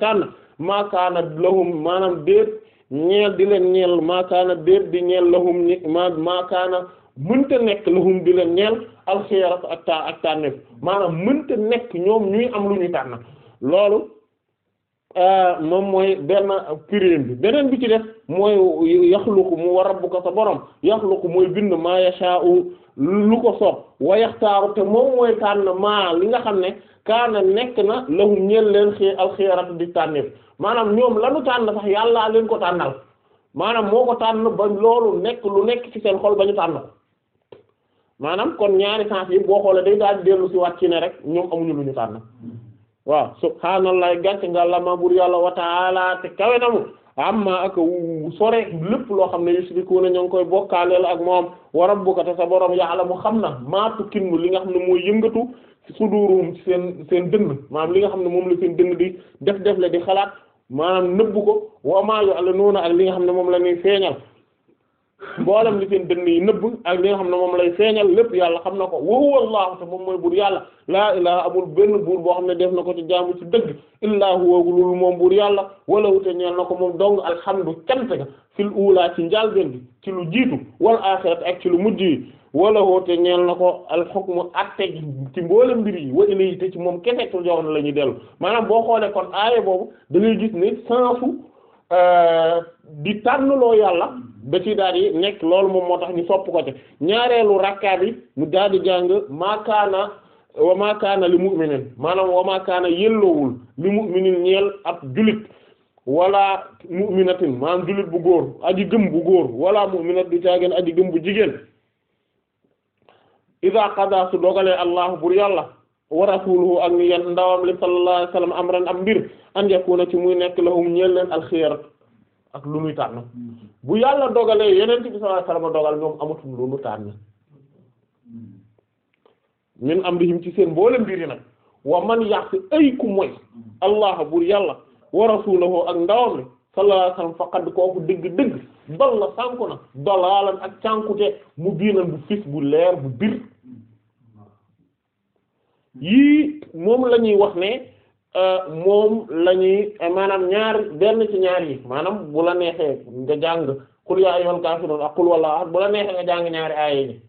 tànn ma lahum maanaam déet ñeel di leen ñeel ma kaana déet di ñeel lahum ñi ma mënta nekk lahum di leen ñeel alxiyaratu ak ta ak tànneef maanaam mënta nekk ñoom ñuy am lu ñuy tànn loolu euh, moom mooy benn pirièm bi beneen bi ci def mooy yaxluqu mu wa rabbuka sa borom yaxluqu mooy bind maa yasha'u lu ko soob wa yaxtaaru te moom mooy tànn maa li nga xam ne kaana nekk na lahum ñeel leen xi alxiyaratu di tànneef maanaam ñoom lanu tànn sax yàllaa leen ko tànnal maanaam moo ko tànn ba loolu nekk lu nekk ci seen xol ba ñu tànn ko maanaam kon ñaari sens yi boo xoolee day daal dellu si waat ci ne rek ñoom amuñu lu ñu tànn waaw subhaanallahi gàcce nga la ma bur yàlla wa taala am kawe na mu ak sore lépp loo xam ne yushrikuuna ñoo ngi koy bokkaaleel ak moom wa rabbuka te sa yàlla ya'lamu xam na maa tukinnu li nga xam ne mooy yëngatu suduuruhum seen seen dënn li nga xam ne moom la seen dënn di def def la di xalaat maanaam nëbbu ko wa maa yu'linuuna ak li nga xam ne moom la ñuy feeñal. mboolem li seen dënn yi nëbb ak li nga xam ne moom lay feeñal lépp yàlla xam na ko wa huwa allah te moom mooy buur yàlla laa boo xam ne def na ko ci jaamu ci dëgg illaa huwa lul moom buur yàlla wala wute ñeel na ko moom dong alhamdu cant ga fil uulaa ci njaalbeen bi ci lu jiitu wal aaxirat ak ci lu mujj yi wala te ñeel na ko alxukmu atte gi ci mboolem mbir yi wa ilayhi te ci moom kese jox na la ñuy dellu maanaam boo xoolee kon aaya boobu da ngay gis ne Euh, di tànnloo yàlla da ci nekk loolu moom moo tax ñu sopp ko ci ñaareelu rakkaa mu daal di jàng maakaana wa maakaana li mu'minin maanaam wa maakaana yelloowul li mu'minin ñeel ab jullit wala mu'minatin maanaam jullit bu góor aji gëm bu góor wala mu'minat du caageen aji gëm bu jigéen iza qada su dogalee allahu bur yàlla wa rasuluhu ak yan ndawam li sallallahu alayhi wasallam amran am mbir an yakuna ci muy nekk lahum ñeel leen alxiyar ak lu muy tànn mm-hmm. bu yàlla dogalee yeneen bi sallallahu alayhi dogal ñoom amatum lu mu tànn mm-hmm. min amrihim ci seen mboolem mbir nag wa man ya'si ay ku moy allah bur yàlla wa rasuluhu ak ndawam li sallallahu alayhi wasallam faqad kooku dëgg-dëgg dal la sànku na dalalan ak cànkute mu biinan bu fis bu leer bu bir yii moom la ñuy wax ne euh, moom la maanaam ñaar benn ci ñaar yi maanaam bu la neexee nga jàng qul yaa ayyuhal kaafiruun ak qul wallaahu ahad bu la neexee nga jàng ñaari aaya yi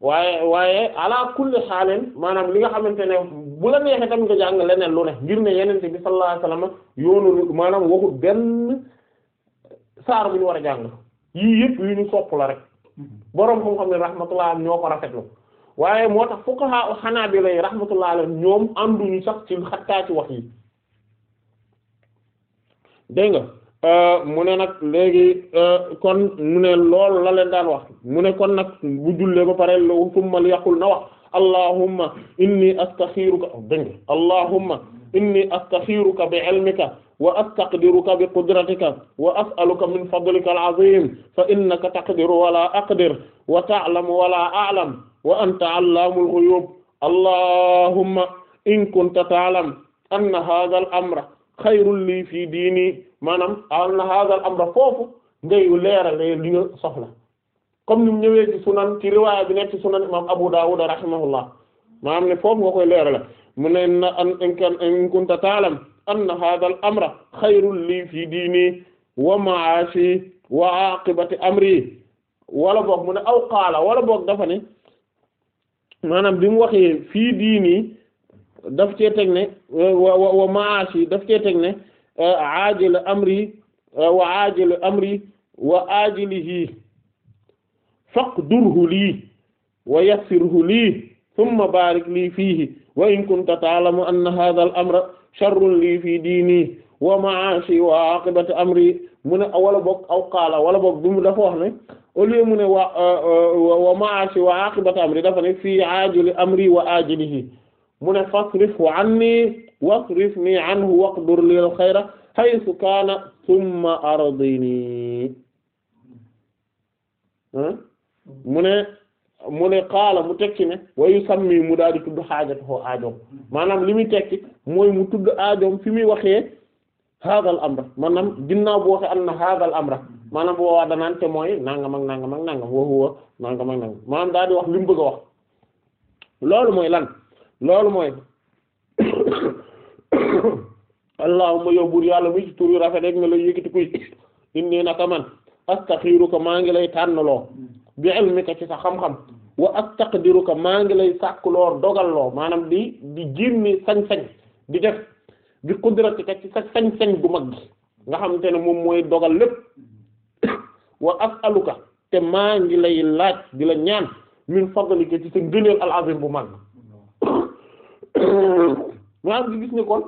waaye waaye ala kulli xaaleen maanaam li nga xamante ne bu la neexee tamit nga jàng leneen lu ne ngir ne yenente bi sallallahu alayhi wasallam yoonu maanaam waxut benn saar bi ñu war a jàng yii yëpp yu ñu sopp la rek mm-hmm. boroom xam-xam ne rahmatullah am ñoo ko rafetlu waaye moo tax fuqaha xanaabila yi rahmatullah alayhim ñoom ànduñu sax ci xattaa ci wax yi dégg nga euh, mu ne nag léegi euh, kon mu ne lool la leen daan wax mu ne kon nag bu jullee ba pare law summa yaqul na wax allahumma inni astaxiiruka oh, dégg nga allahumma inni astaxiiruka bi ilmika wa astaqdiruka bi qudratika wa as'aluka min fadlika al azim fa innaka taqdiru wala aqdir wa ta'lamu wala a'lam wa anta allaamul ghuyub allahumma in kunta ta'lam anna hadha al amra xayrul lii fii diini maanaam anna hadha al amra foofu ngay leeralee li nga soxla comme ni mu ñëwee ci sunan ci riwaaya bi nekk ci sunan imam Abu Dawud rahimahullah maanaam ne foofu nga koy leerale mu ne na an in kunta ta'lam anna hadha al amra xayrul lii fii diini wa ma'ashi wa aqibati amri wala boog mu ne aw qaala wala boog dafa ne maanaam bi mu waxee fii diini daf cee teg ne wa wa wa maashi daf cee teg ne eh, aajila amri eh, wa aajila amri wa aajilihi faqdurhu lii wa yassirhu lii thumma barik lii fiihi wa in kunta ta'lamu anna hadha al amra sharrun lii fii diini wa maashi wa aaqibati amri mu ne wala boog aw qaala wala boog bi mu dafa wax ne au lieu mu ne wa euh, euh, wa ma'ashi wa aqibata amri dafa ne fii ajili amri wa ajilihi mu ne fasrifhu anni wasrifni anhu waqdur lil xayra haythu kaana thumma ardini mu ne mu ne mu tekki ne wayu sammi mu daal di tudd xaajatoo aajoom maanaam li muy tekki mooy mu tudd aajoom fi muy waxee haadal amra maanaam ginnaaw boo waxee anna haadal amra maanaam bu boobaa mooy nangam ak nangam ak nangam wa huwa nangam ak nangam di wax li mu bëgg a wax loolu mooy lan loolu mooy allahumma yow buur yàlla muy ci tur yu rafet rek ne la yëkkati kuy indi naka man maa ngi lay tànnaloo bi ilmika ci sa xam-xam wa astaqdiruka maa ngi lay sàkkloo dogalloo maanaam di di génne sañ-sañ di def. bi qudratika ci sa sañ-sañ gu mag gi nga xam te ne moom mooy dogal lépp wa as'aluka te maa ngi lay laaj di la ñaan min fadlika ci sa ngëneel al bu mag maa ngi gis ne kon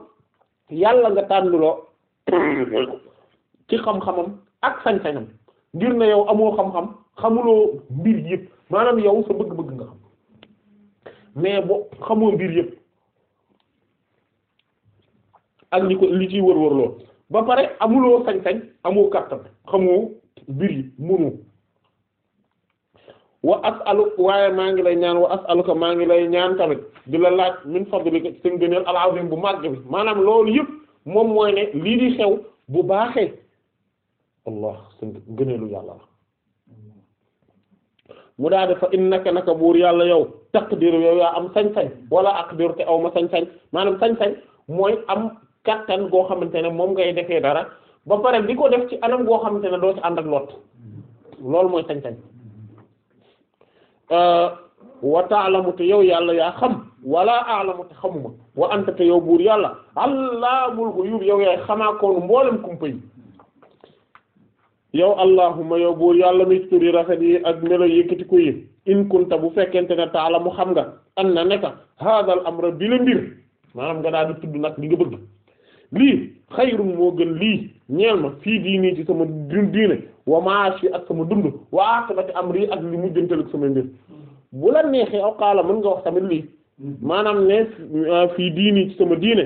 yàlla nga tànnuloo ci xam-xamam ak sañ-sañam ngir ne yow amoo xam-xam xamuloo mbir yëpp maanaam yow sa bëgg-bëgg nga xam mais boo xamoo mbir yëpp ak ni ko li ciy wër-wër loo ba pare amuloo sañ-sañ amoo kàttan xamoo mbir yi mënu asalu waaye maa ngi lay ñaan wa asaluka maa ngi lay ñaan tamit di la laaj min fadlika ci seen gëneel al-azim bu màgg bi maanaam loolu yépp moom mooy ne lii di xew bu baaxee allah seen
gëneelu yàlla la
mu daa defa innaka naka buur yàlla yow taqdiru yow yaa am sañ-sañ wala aqdiru te aw sañ-sañ maanaam sañ-sañ mooy am kattan goo xamante ne moom ngay defee dara ba pare di ko def ci anam goo xamante ne doo ci ànd ak lot loolu mooy sañ-sañ euh, wa taalamu te yow yàlla yaa xam wala aalamu te xamuma wa anta te yow buur yàlla allaamul ghuyub yow yaay xamaa koonu mboolem kumpa yi yow allahuma yow buur yàlla mi tur rafet yi ak melo yëkkati ko yi in kunta bu fekkente ne taalamu xam nga an na nekka haadal amra bi la mbir maanaam nga daal tudd nag li nga bëgg lii xayrun moo gën lii ñeel ma fii diini ci sama diine wa maashi ak sama dund waa aqibati amri ak li mujjantal ak sama mbir bu la neexee aw qaala mën nga wax tamit lii maanaam ne fii diini ci sama diine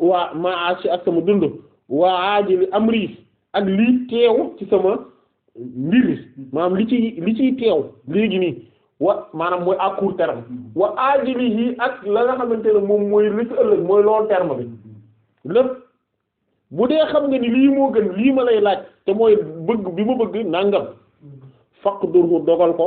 waa maashi ak sama dund wa aajili amri ak lii teew ci sama mbir maanaam li ciy li ciy teew léegi nii wa maanaam mooy à court terme wa ajilihi ak la nga xamante ne moom mooy li ëllëg mooy long terme bi lépp bu dee xam nga ni lii moo gën lii ma lay laaj te mooy bëgg bi ma bëgg nangam faqdurhu dogal ko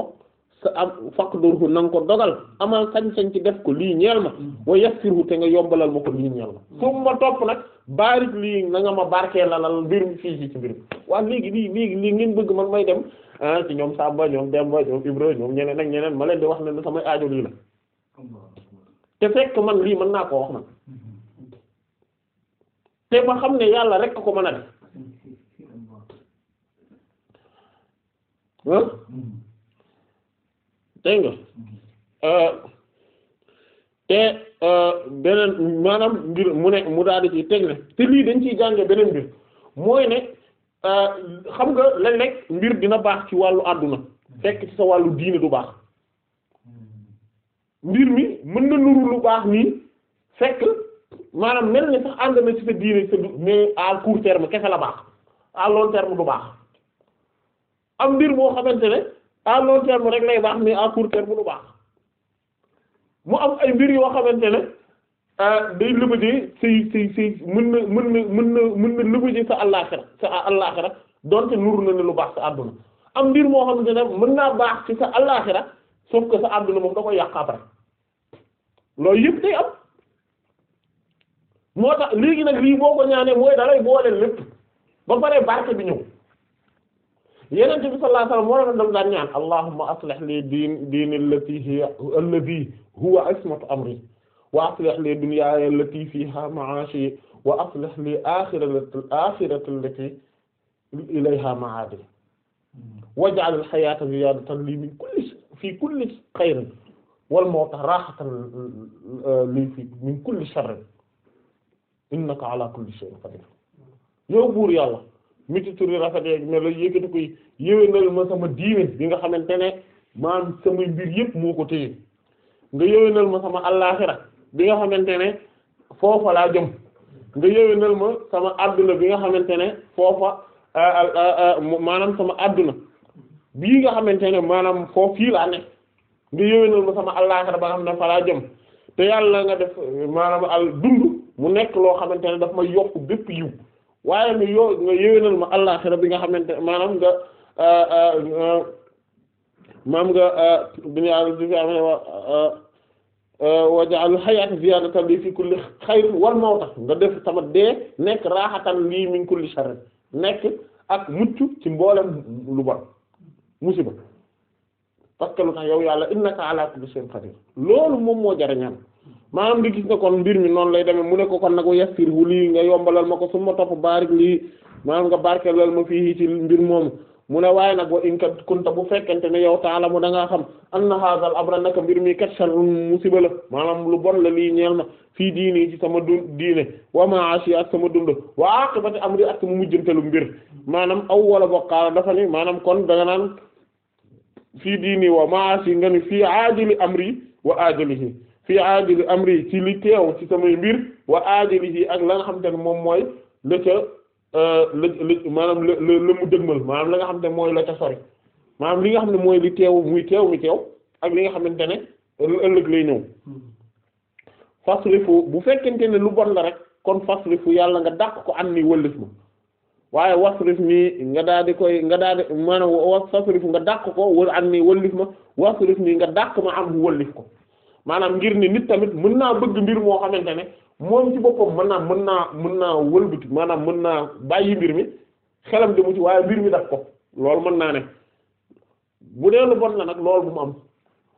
sa am faqdurhu na nga ko dogal amal sañ-sañ ci def ko lii ñeel ma wa yassirhu te nga yombalal ma ko lii ñeel ma su ma topp nag baarik lii na nga ma barkeelalal mbir mi fii ci mbir mi waa léegi lii léegi lii ngeen bëgg man may dem ah ci ñoom Samba ñoom Demba ñoom Ibra ñoom ñeneen ak ñeneen ma leen di wax ne samay aajo lii la te fekk man lii mën naa koo wax man te ma xam ne yàlla rek ko mën a def dégg nga euh, te euh, beneen maanaam mbir mu ne mu daal di ci teg ne te lii dañ ciy jànge beneen mbir mooy ne euh, xam nga léeg-léeg mbir dina baax ci wàllu àdduna fekk ci sa wàllu diine du baax mbir mi mën na nuru lu baax nii fekk maanaam mel ni sax ànd na ci sa diine sa mais à court terme la baax à long terme du baax am mbir moo xamante ne a long terme rek lay baax mais à court terme du mu am ay mbir yoo xamante ne euh, day lëbëjee say say say mën na mën mën na mën na lëbëjee sa àllaaxira sa àllaaxira donte nuru na ne lu baax sa àdduna am mbir moo xam ne mën naa baax ci sa àllaaxira sauf que sa àdduna moom da koy yàq après loolu yëpp day am moo tax léegi nag lii boo ko ñaanee mooy dalay boole lépp ba pare barke bi ñëw. yeneen bi sallallahu alayhi wasallam moo doon dem daan ñaan allahumma aslih li diin diini allati hiya allati huwa ismatu amri wa aslih li dunyaaya allati fiha ma'ashi wa aslih li akhirati akhirati allati ilayha ma'adi waj'al al-hayata ziyadatan li min kulli fi kulli khairin wal mawta rahatan li fi min kulli sharrin innaka ala kulli shay'in qadir yow buur yàlla métti rafet yeeg mais loolu yëkkati koy yéwénal ma sama diine bi nga xamante ne maanaam samay mbir yëpp moo ko téye nga yéwénal ma sama allaaxira bi nga xamante ne foofa laa jëm nga yéwénal ma sama adduna bi nga xamante ne foofa maanaam sama adduna bii nga xamante ne maanaam foofu fii laa nekk nga yéwénal ma sama allaaxira ba nga xam ne fa laa jëm te yàlla nga def maanaam al dund mu nekk loo xamante ne daf ma yokk bépp yiw waaye ne yow nga yéwénal ma àllaaxira bi nga xamante maanaam nga euh, euh, maam nga dunya euh, bi fi amee waja'al hayata ziyadatan li fi kulli xayr wal mawta nga def sama dee nekk raaxatan lii min kulli sharr nekk ak mucc ci mboolem lu bon musiba parce lu tax yow yàlla innaka ala kulli seen qadir loolu moom moo jariñam maanaam di gis ne kon mbir mi noonu lay deme mu ne ko kon nag yassir wu lii nga yombalal ma ko su ma topp baarik lii maanaam nga barkeelal ma fii ci mbir moomu mu ne waaye nag wa in kat kunta bu fekkente ne yow taala mu da ngaa xam anna hadha al abra naka mbir mi kat sharrun musiba la maanaam lu bon la lii ñeel na fii diini ci sama dund diine wa ma'ashi ak sama dund wa aqibati amri ak sama mujjantelu mbir maanaam aw wala bokkaala dafa ni maanaam kon danga nga naan fii diini wa ma'ashi nga ni fii aajili amri wa aajilihi fi aajili amri ci li teew ci samay mbir wa aajili yi ak la nga xamante ne moom mooy la ca euh, la la maanaam la mu dëgmal maanaam la nga xamante ne mooy la ca sori maanaam li nga xam ne mooy li teew muy teew mi teew ak li nga xamante ne lu ëllëg lay ñëw fasrifu bu fekkente ne lu bon la rek kon fasrifu yàlla nga dàq ko an ni wëllif ma waaye wasrif nii nga daal koy nga daal di maanaam nga dàq ko wër an ni wëllif ma wasrif nii nga dàq ma am wëllif ko maanaam ngir ne nit tamit mën naa bëgg mbir moo xamante ne moom ci boppam mën naa mën naa mën naa wëlbati maanaam mën naa bàyyi mbir mi xelam demu ci waaye mbir mi daf ko loolu mën naa ne bu dee lu bon la nag loolu bu mu am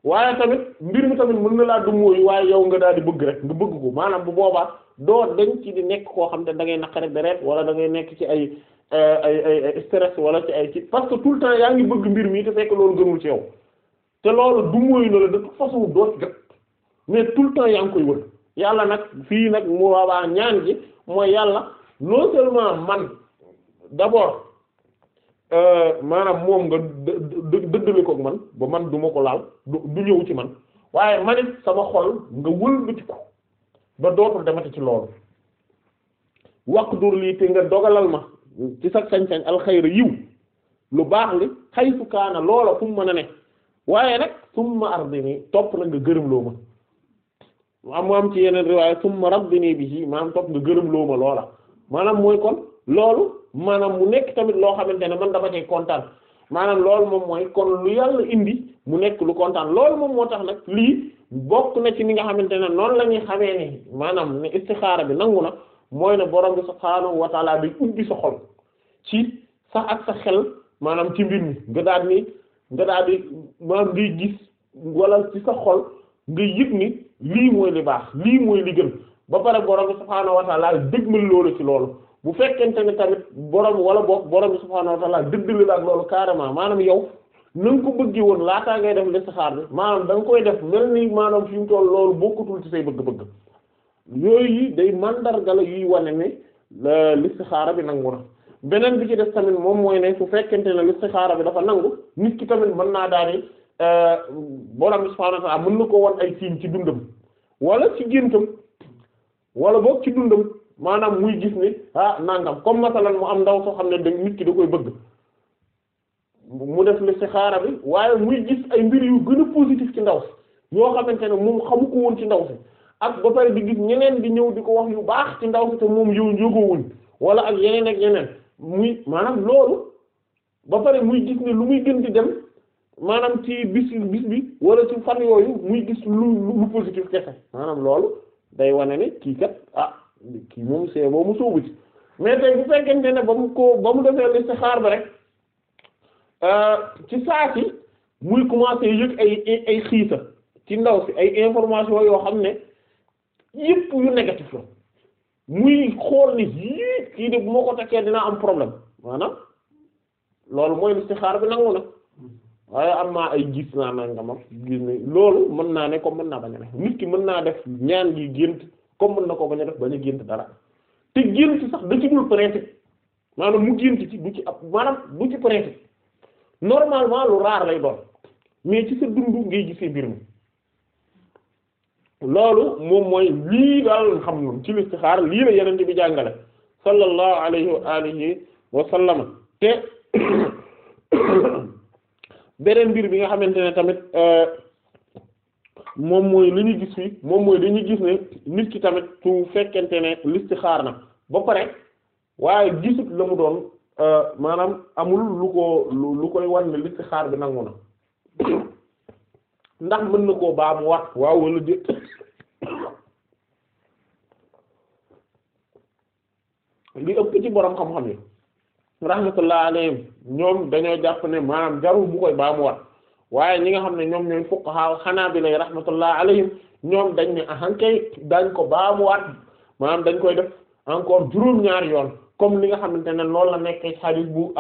waaye tamit mbir mi tamit mën na laa dumóoyu waaye yow nga daal di bëgg rek nga bëgg ko maanaam bu boobaa doo dañ ci di nekk koo xam te da ngay naqare deret wala da ngay nekk ci euh, ay ay ay stress wala ci ay ci parce que tout le temps yaa ngi bëgg mbir mi te fekk loolu gënul ci yow loolu dumóoyu na la de mais tout le temps yaa ngi koy wër yàlla nag fii nag mu waawaa ñaan gi mooy yàlla non seulement man d'abord euh, maanaam moom nga dëddale ko man ba man duma ko laal du ñëw ci man waaye manit sama xol nga wëlbati ko ba dootul demati ci loolu waqdur lii te nga dogalal ma ci sa sañ-sañ alxayra yiw lu baax li xaytu kaana loola fu mu mën a ne waaye nag summa ardi nii topp na nga gërëmloo ma waaw am ci yeneen riwaaya summa rabbini bihi maanaam topp nga gërëm loo ma loola maanaam mooy kon loolu maanaam mu nekk tamit loo xamante ne man dama tey kontaan maanaam loolu moom mooy kon lu yàlla indi mu nekk lu kontaan loolu moom moo tax nag lii bokk na ci ni nga xamante ne noonu la ñuy xamee ne maanaam ne istixaara bi nangu na mooy ne borom bi subhaanahu wa taala bi ubbi sa xol ci sax ak sa xel maanaam ci mbir mi nga daal ni nga daal di maanaam ngay wala ci sa xol nga lii mooy li baax lii mooy li gën ba pare borom bi subhaanahu wa ta'ala dëgmal loolu ci loolu bu fekkente ni tamit borom wala boog borom bi subhaanahu wa ta'ala dëddali la ak loolu carrément maanaam yow na ko bëggee woon laataa ngay def listixaar bi maanaam da koy def mel ni maanaam fi mu loolu bokkutul ci say bëgg-bëgg yooyu yi day mandarga la yuy wane ne listixaara bi nangu na beneen bi ci def tamit moom mooy ne su fekkente ne listixaara bi dafa nangu nit ki tamit mën naa daal Euh, borom bi subhaanahu wa ta'ala mën na ko won ay signe ci dundam wala ci géntam wala boog ci dundam maanaam muy gis ne ah nangam comme masalan mu am ndaw soo xam ne da nit ki da koy bëgg mu def li si xaara bi waaye muy gis ay mbir yu gën a positif ci ndaw si yoo xamante ne moom xamu ko woon ci ndaw si ak ba pare di gis ñeneen di ñëw di ko wax yu baax ci ndaw si te moom yow yógoowuñ wala ak yeneen ak yeneen muy maanaam loolu ba pare muy gis lu muy gën di dem maanaam ci bis bis bi wala ci fan yooyu muy gis lu lu positif kese maanaam loolu day wane ne kii kat ah kii moom see mu sóobu ci mais tey bu fekkente ne ba mu ko ba mu defee listixaar ba rek euh, ci saa si muy commencer yëg ay xiisa ci ndaw si ay information yoo xam ne yëpp yu négatif la muy xool ni yii kii de bu ma ko takkee dinaa am problème maanaam loolu mooy listixaar bi nangu na waaye am naa ay gis naa nangamam gis ne loolu mën naa ne comme mën naa bañ a def nit ki mën naa def ñaan gi gént comme mën na ko bañ def bañ a gént dara te gént sax da ci dul principe maanaam mu gént ci du ci ab maanaam du ci principe normalement lu raar lay doon mais ci sa dund ngay gisee mbir mi loolu moom mooy lii daal xam noonu ci listixaar lii la yeneen bi jàngale sallallahu alayhi wa alihi wa sallama te beneen mbir bi nga xamante ne tamit euh, moom mooy li ñu gis fii moom mooy dañuy gis ne nit ki tamit su fekkente ne xaar na ba pare waaye gisut la mu doon euh, maanaam amul lu ko lu koy wan ne listixaar bi nangu na ndax mën na koo baa mu wax waaw wala déet li ëpp ci borom xam-xam yi rahmatullah alayhim ñoom dañoo jàpp ne maanaam jarul bu koy baamuwaat waaye ñi nga xam ne ñoom ñooy fuqaha xanaabila rahmatullah alayhim ñoom dañ ne ahankay dañ ko baamuwaat maanaam dañ koy def encore juróom-ñaari yoon comme li nga xamante ne loolu la nekk hadith bu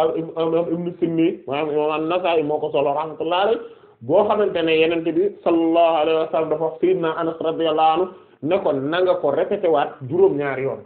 moo ko solo rahmatullah alayhi boo xamante ne yenente bi sallallahu alayhi wa sallam dafa wax sayyidina Anas radiyallahu ne ko nanga ko répété waat juróom-ñaari yoon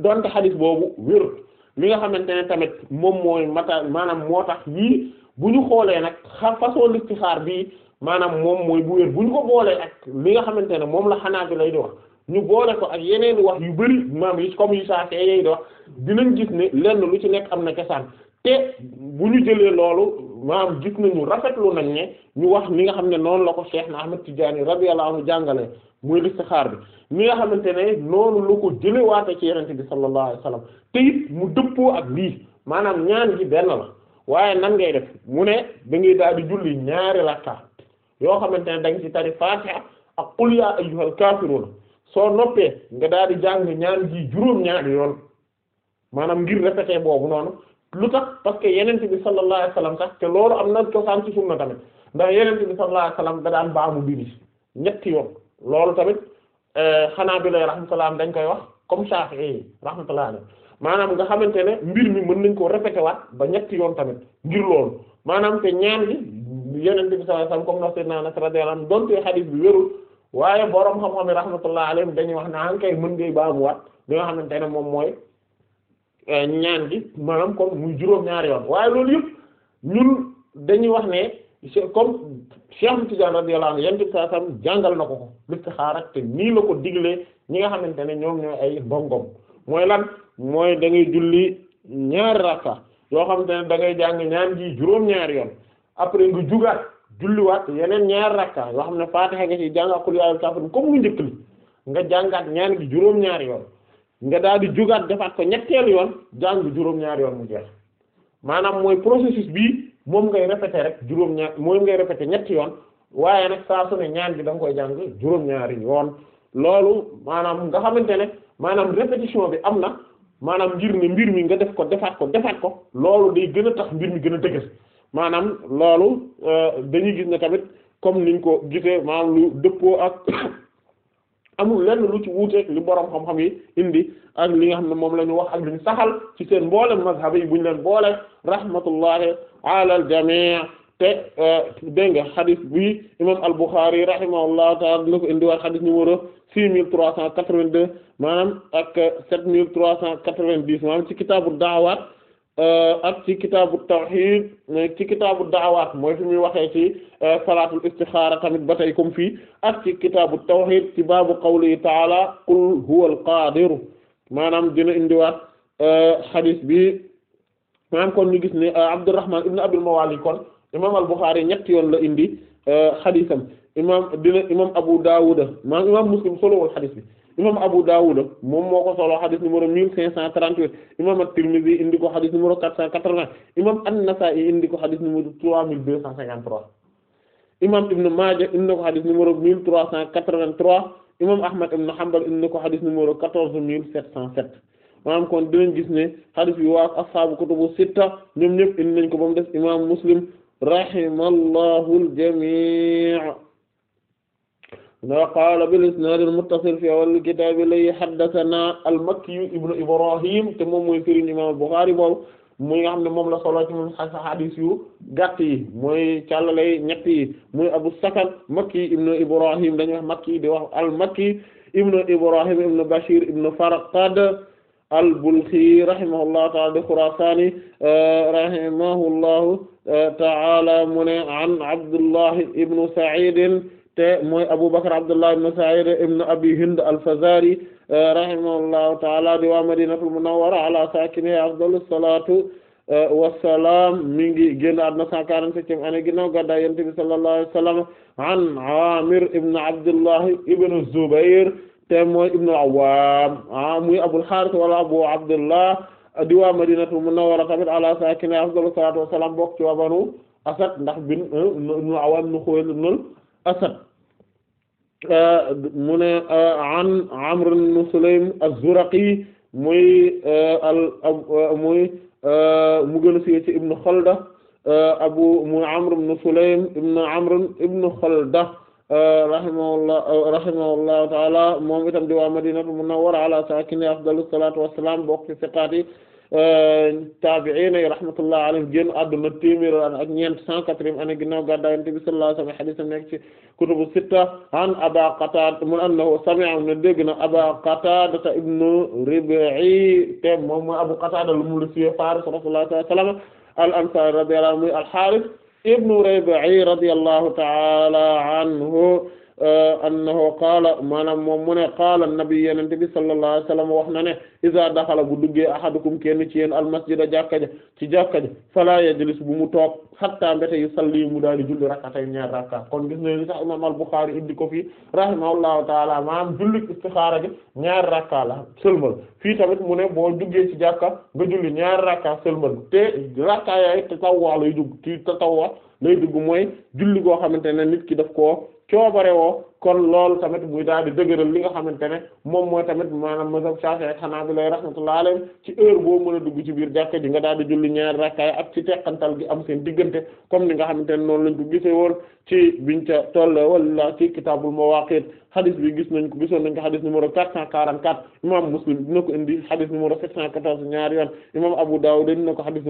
donte hadith boobu wér li nga xamante ne tamit moom mooy mata maanaam moo tax yii bu ñu xoolee nag xa façon listixaar bii maanaam moom mooy bu wér bu ñu ko boolee ak li nga xamante ne moom la xanaa bi lay di wax ñu boole ko ak yeneen wax yu bari maam yi comme yu saa see di wax dinañ gis ne lenn lu ci nekk am na cosaan te bu ñu jëlee loolu maanaam gis nañu rafetlu nañ ne ñu wax ni nga xam ne noonu la ko Cheikh na Ahmad Tidiane radiyallahu anhu jàngale muy listixaar bi ni nga xamante ne noonu la ko jëlewaate ci yenente bi sallallahu alayhi wasallam te mu dëppoo ak lii maanaam ñaan gi benn la waaye nan ngay def mu ne da ngay daal di julli ñaari rakka yoo xamante ne da nga ci tari Fatiha ak qul ya ayyuhal kaafiruun soo noppee nga daal di jàng ñaan gi juróom-ñaari yoon maanaam ngir répété boobu noonu lu tax parce que yenent bi sallallahu alayhi sax te loolu am na cosaan ci sunna tamit ndax yenent bi sallallahu alayhi wasallam da daan baamu bibi ñetti yoon loolu tamit xanaa eh, bi lay rahmatullah dañ koy wax comme Shafi'i yi rahmatullah maanaam nga xamante ne mbir mi mën nañ ko répété waat ba ñetti yoon tamit ngir maanaam ñaan bi yenent bi sallallahu alayhi wasallam comme na Seydina Anas radiyallahu anhu donte hadith bi wérul waaye borom xam-xam yi rahmatullah dañuy wax naan ah, kay mën ngay baamuwaat li nga xamante ne moom mooy Euh, ñaan gi maanaam comme muy juróom-ñaari yoon waaye loolu yëpp ñun dañuy wax ne comme Cheikh Tidiane radiyallahu anhu yonent bi sallallahu alayhi wasallam jàngal na ko ko listixaar ak te nii la ko diglee ñi nga xamante ne ñoom ñooy ay ndongom mooy lan mooy da ngay julli ñaari rakka yoo xamante ne da ngay jàng ñaan gi juróom-ñaari yoon après nga jugaat julliwaat yeneen ñaari rakka yoo xam ne Faatiha nga ci jànga xul yaayu saafara comme mu njëkk li nga jàngaat ñaan gi juróom-ñaari yoon nga daal di jugaat defaat ko ñetteelu yoon jàng juróom-ñaari yoon mu jeex maanaam mooy processus bii moom ngay répéter rek juróom-ñaar mooy ngay répéter ñetti yoon waaye nag saa su ne ñaan bi da koy jàng juróom-ñaari yoon loolu maanaam nga xamante ne maanaam répétition bi am na maanaam ngir ne mbir mi nga def ko defaat ko defaat ko loolu di gën a tax mbir mi gën a dëgër maanaam loolu euh, dañuy gis ne tamit comme niñ ko gisee maanaam lu dëppoo ak amul lenn lu ci wuuteeg li borom xam-xam yi indi ak li nga xam ne moom la ñu wax ak li ñu saxal ci seen mboolem mazhab yi bu ñu leen boole rahmatullahi ala al jami' te euh, dégg nga xadis bi imam al-Bukhari rahimahullahu ta'ala dina ko indiwaat xadis numéro six mille trois cent quatre-vingt-deux maanaam ak sept mille trois cent quatre-vingt-dix maanaam ci kitaabu da'awaat Euh, ak ci kitaabu tawhid ci kitaabu daawaat mooy fi muy waxee ci euh, salaatul istixaara tamit ba tey kom fii ak ci kitaabu tawhid ci baabu qawli taala qul huwal qaadiru maanaam dina indiwaat euh, xadis bi maanaam kon ñu gis ne Abdurrahman ibn Abil Mawali kon imaam al-Bukhari ñetti yoon la indi xadisam imaam dina imaam Abu Dawud maanaam imaam Muslim solowul xadis bi imam Abu Dawud moom moo ko solo xadis numéro mille cinq cent trente-huit imam At-Tirmidhi indi ko xadis numéro quatre cent quatre-vingts imam An-Nasa'i ko xadis numéro trois mille deux cent cinquante-trois imam Ibn Maaja indi ko xadis numéro mille trois cent quatre-vingt-trois imam Ahmad ibn Hanbal indi xadis numéro quatorze mille sept cent sept maanaam kon dinañ gis xadis bi waa ashaabu kutubu sitta ñoom ñëpp indi nañ ko ba mu des Muslim rahimallahu na qaala bil isnaad al muttasil fi awal kitaab lay haddathana al makki ibnu ibrahim te moom mooy sëriñ imaam Buxaari boobu muy nga xam ne moom la solo ci moom xadiis yu gàtt yi mooy càllale ñett yi muy abu sakan makki ibnu ibrahim dañuy wax makki di wax al makki ibnu ibrahim ibnu bashir ibnu farqad al bulxi rahimahullahu taala di xurasaani eh, rahimahullahu eh, taala mu ne an abdullahi ibnu saidin te mooy Abu Bakr Abdullah ibn Sa'id ibn Abi Hind al-Fazari eh, rahimahullahu ta'ala di waa Madinatul Munawwara ala sakiniha afdalus salatu eh, wassalam mi ngi génn àdduna 147e année ginnaaw gàddaay Yonent bi sallallahu alayhi wa sallam an Amir ibn Abdullah ibn Zubayr te mooy ibn al-Awwam a ah, muy Abul Harith wala Abu Abdullah di waa Madinatul Munawwara tamit ala sakiniha afdalus salatu wassalam bokk ci waa Banu Asad ndax bin eh, ibn al-Awwam ibn Khuwaylid ibn al-Asad Euh, mu ne euh, an Amr ibn Sulaym az-Zuraqi muy euh, al muy mu gën a siiwee ci Ibn Khalda abu muy Amr ibn Sulaym ibn Amr ibn Khalda rahimahullah rahimahullahu ta'ala moom itam di waa Madinatul Munawwara ala saakinihaa afdalu salaatu wa salaam bokk ci taabi'iina yi rahmatullahi alayhim génn àdduna téeméer ak ñeent cent quatre-vingts année ginnaaw gàddaay Yonent bi sallallahu alayhi wa sallam hadiis am nekk ci kutubu sitta an Abaa Qataada mun annahu sami'a ne dégg na Abaa Qataada ibnu Rib'i te moom mooy Abu Qataada lu mu lu siiwee Faaris Rasuulullahi sallallahu alayhi wa sallam al-Ansaari radiyallahu anhu muy al-Haaris ibnu Rib'i radiyallahu ta'ala anhu Euh, annahu qaala maanaam moom mu ne qaala nabi yenente bi sallallahu alayhi wasallam wax na ne iza daxala bu duggee ahadukum kenn ci yéen almasjida jàkka ja ci jàkka ja fala yajlis bu mu toog hatta mbete yu salli mu daal di julli rakkatay ñaar rakka kon gis na li ko fii rahimahullahu taala maanaam julli istixaara gi la sëlmal fii tamit mu ne boo duggee ci jàkka nga julli ñaar rakka sëlmal te rakka yaay tatawwa lay dugg ci tatawwa lay dugg mooy julli xamante ne nit ki def koo coobare woo kon loolu tamit muy daal di dëgëral li nga xamante ne moom mooy tamit maanaam mazhab Shafi'i ak a ne ko xadis bi gis nañ ko gisoon nañ ko xadis numéro 444 imam Muslim dina ko indi xadis numéro 714 ñaari yoon imam Abu Dawud indi na ko xadis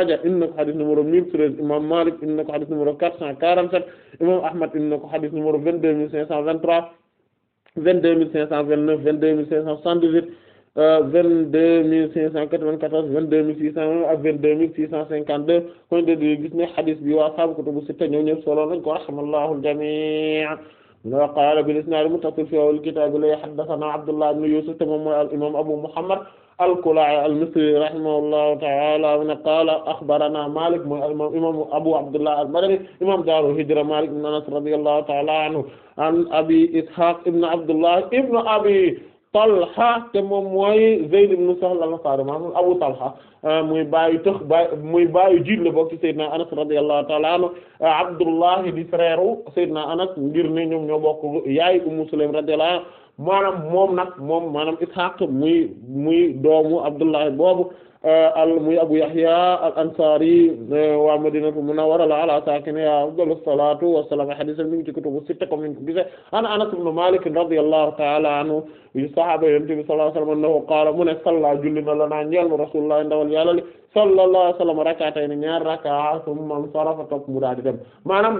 Maaja indi na ko xadis numéro 1013 imam Malik indi na ko xadis numéro 447 imam Ahmad indi na ko xadis numéro 22523 22529 22578 22594 22600 ak 22652 kon de gis ne xadis bi waa saabu kutubu sitta ñoom ñëpp solo nañ ko rahimallahu al-jami' wa qaala bil isnaad al-muttasil fi awwal kitaab li haddathanaa Abdullah ibn Yusuf te moom mooy al imam Abu Muhammad al-Qala'i al-Misri rahimahullahu ta'ala mu ne qaala akhbarana Malik mooy imam Abu Abdullah al-Madani imam daaru hijra Malik ibn Anas radiyallahu ta'ala anhu an Abi Ishaq ibn Abdullah ibn Abi Talha te moom mooy Zayd ibn Sahl al-Ansari maanaam Abu Talha ah, muy baayu tëx baay muy baayu jiit la bokk ci Seydina Anas radiyallahu ta'ala anhu ah, Abdullah di frère Seydina Anas ngir ne ñoom ñoo bokk yaay Ummu Sulaym radiyallahu maanaam moom nag moom maanaam Ishaq muy muy doomu Abdullahi boobu euh, al muy Abu Yahya al ansari euh, waa Madinatu Munawwara la ala saakinihaa afdalu salaatu wa salaam hadiisam mi ngi ci kutubu sitta comme niñ ko gisee an Anas ibn Maalik radiyallahu ta'ala anhu yu sahaaba Yonent bi sallallahu alayhi wa sallam annahu qaala mu ne salla julli na la naa ñeel Rasulullah ndawal Yàlla sallallahu alayhi wa sallam rakkaatay ne ñaar rakka summa sarafa topp mu daal di dem maanaam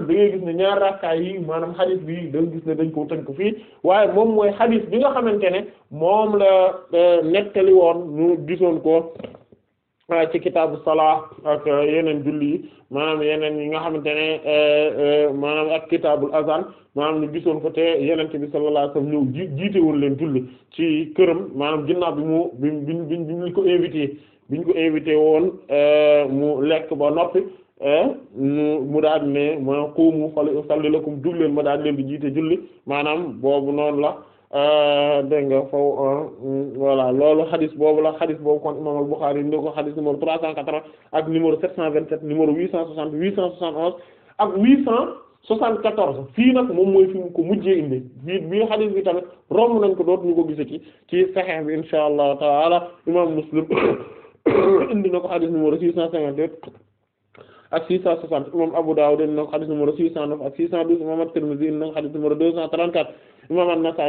ñaar rakka yi maanaam xadis bi da nga gis ne dañ koo tënk fii waaye moom mooy xadis bi nga xamante ne moom la euh, nettali woon ñu gisoon ko euh, ci kitaabu salaa ak euh, yeneen julli yi maanaam yeneen yi nga xamante ne maanaam ak kitaabul azan maanaam ñu gisoon ko te yenente bi sallallahu alayhi wasallam ñëw ji jiite woon leen julli ci këram maanaam ginnaaw bi mu bi bi bi ñu ko invité biñ ko invité woon euh, mu lekk ba noppi euh, mu daal ne ma quumu usalli lakum jug leen ma daal leen di jiite julli maanaam boobu noonu la euh, dégg nga faw voilà loolu xadis boobu la xadis boobu kon imam al-Bukhari indi ko xadis numéro trois cent quatre-vingts ak numéro sept cent vingt-sept numéro huit cent soixante huit cent onze ak huit cent soixante-quatorze fii nag moom mooy fi mu ko mujjee indi bii bii xadis bi tamit romb nañ ko dootuñu ko gise ci ci Sahih bi insha indi na ko xadis numéro six cent cinquante-huit ak six cent soixante imam Abu Dawud indi na ko xadis numéro six cent neuf ak six cent douze imam At-Tirmidhi indi na ko xadis numéro deux cent trente-quatre imam an huit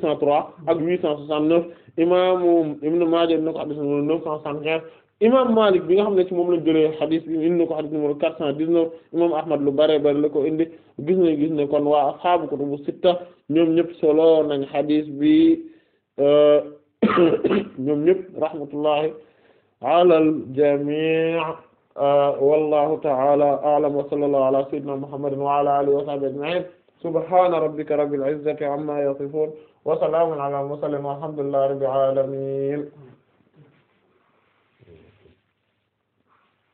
cent trois ak huit cent soixante-neuf imam Ibn Maaja indi na ko xadis numéro neuf cent soixante-quinze imam Malik bi nga xam ne ci moom lañ jëlee xadis bi indi na ko xadis numéro quatre cent dix-neuf imam Ahmad lu bare bare la ko indi gis na gis ne kon waa ashaabu kutubu bi euh, ñoom ñëpp rahmatullahi ala al jami' wallahu ta'ala a'lam wa sallallahu ala sayyidina muhammadin wa ala alihi wa sahbihi ajma'in subhana rabbika rabbil izzati amma yasifun wa salamun ala al mursalin walhamdulillahi rabbil alamin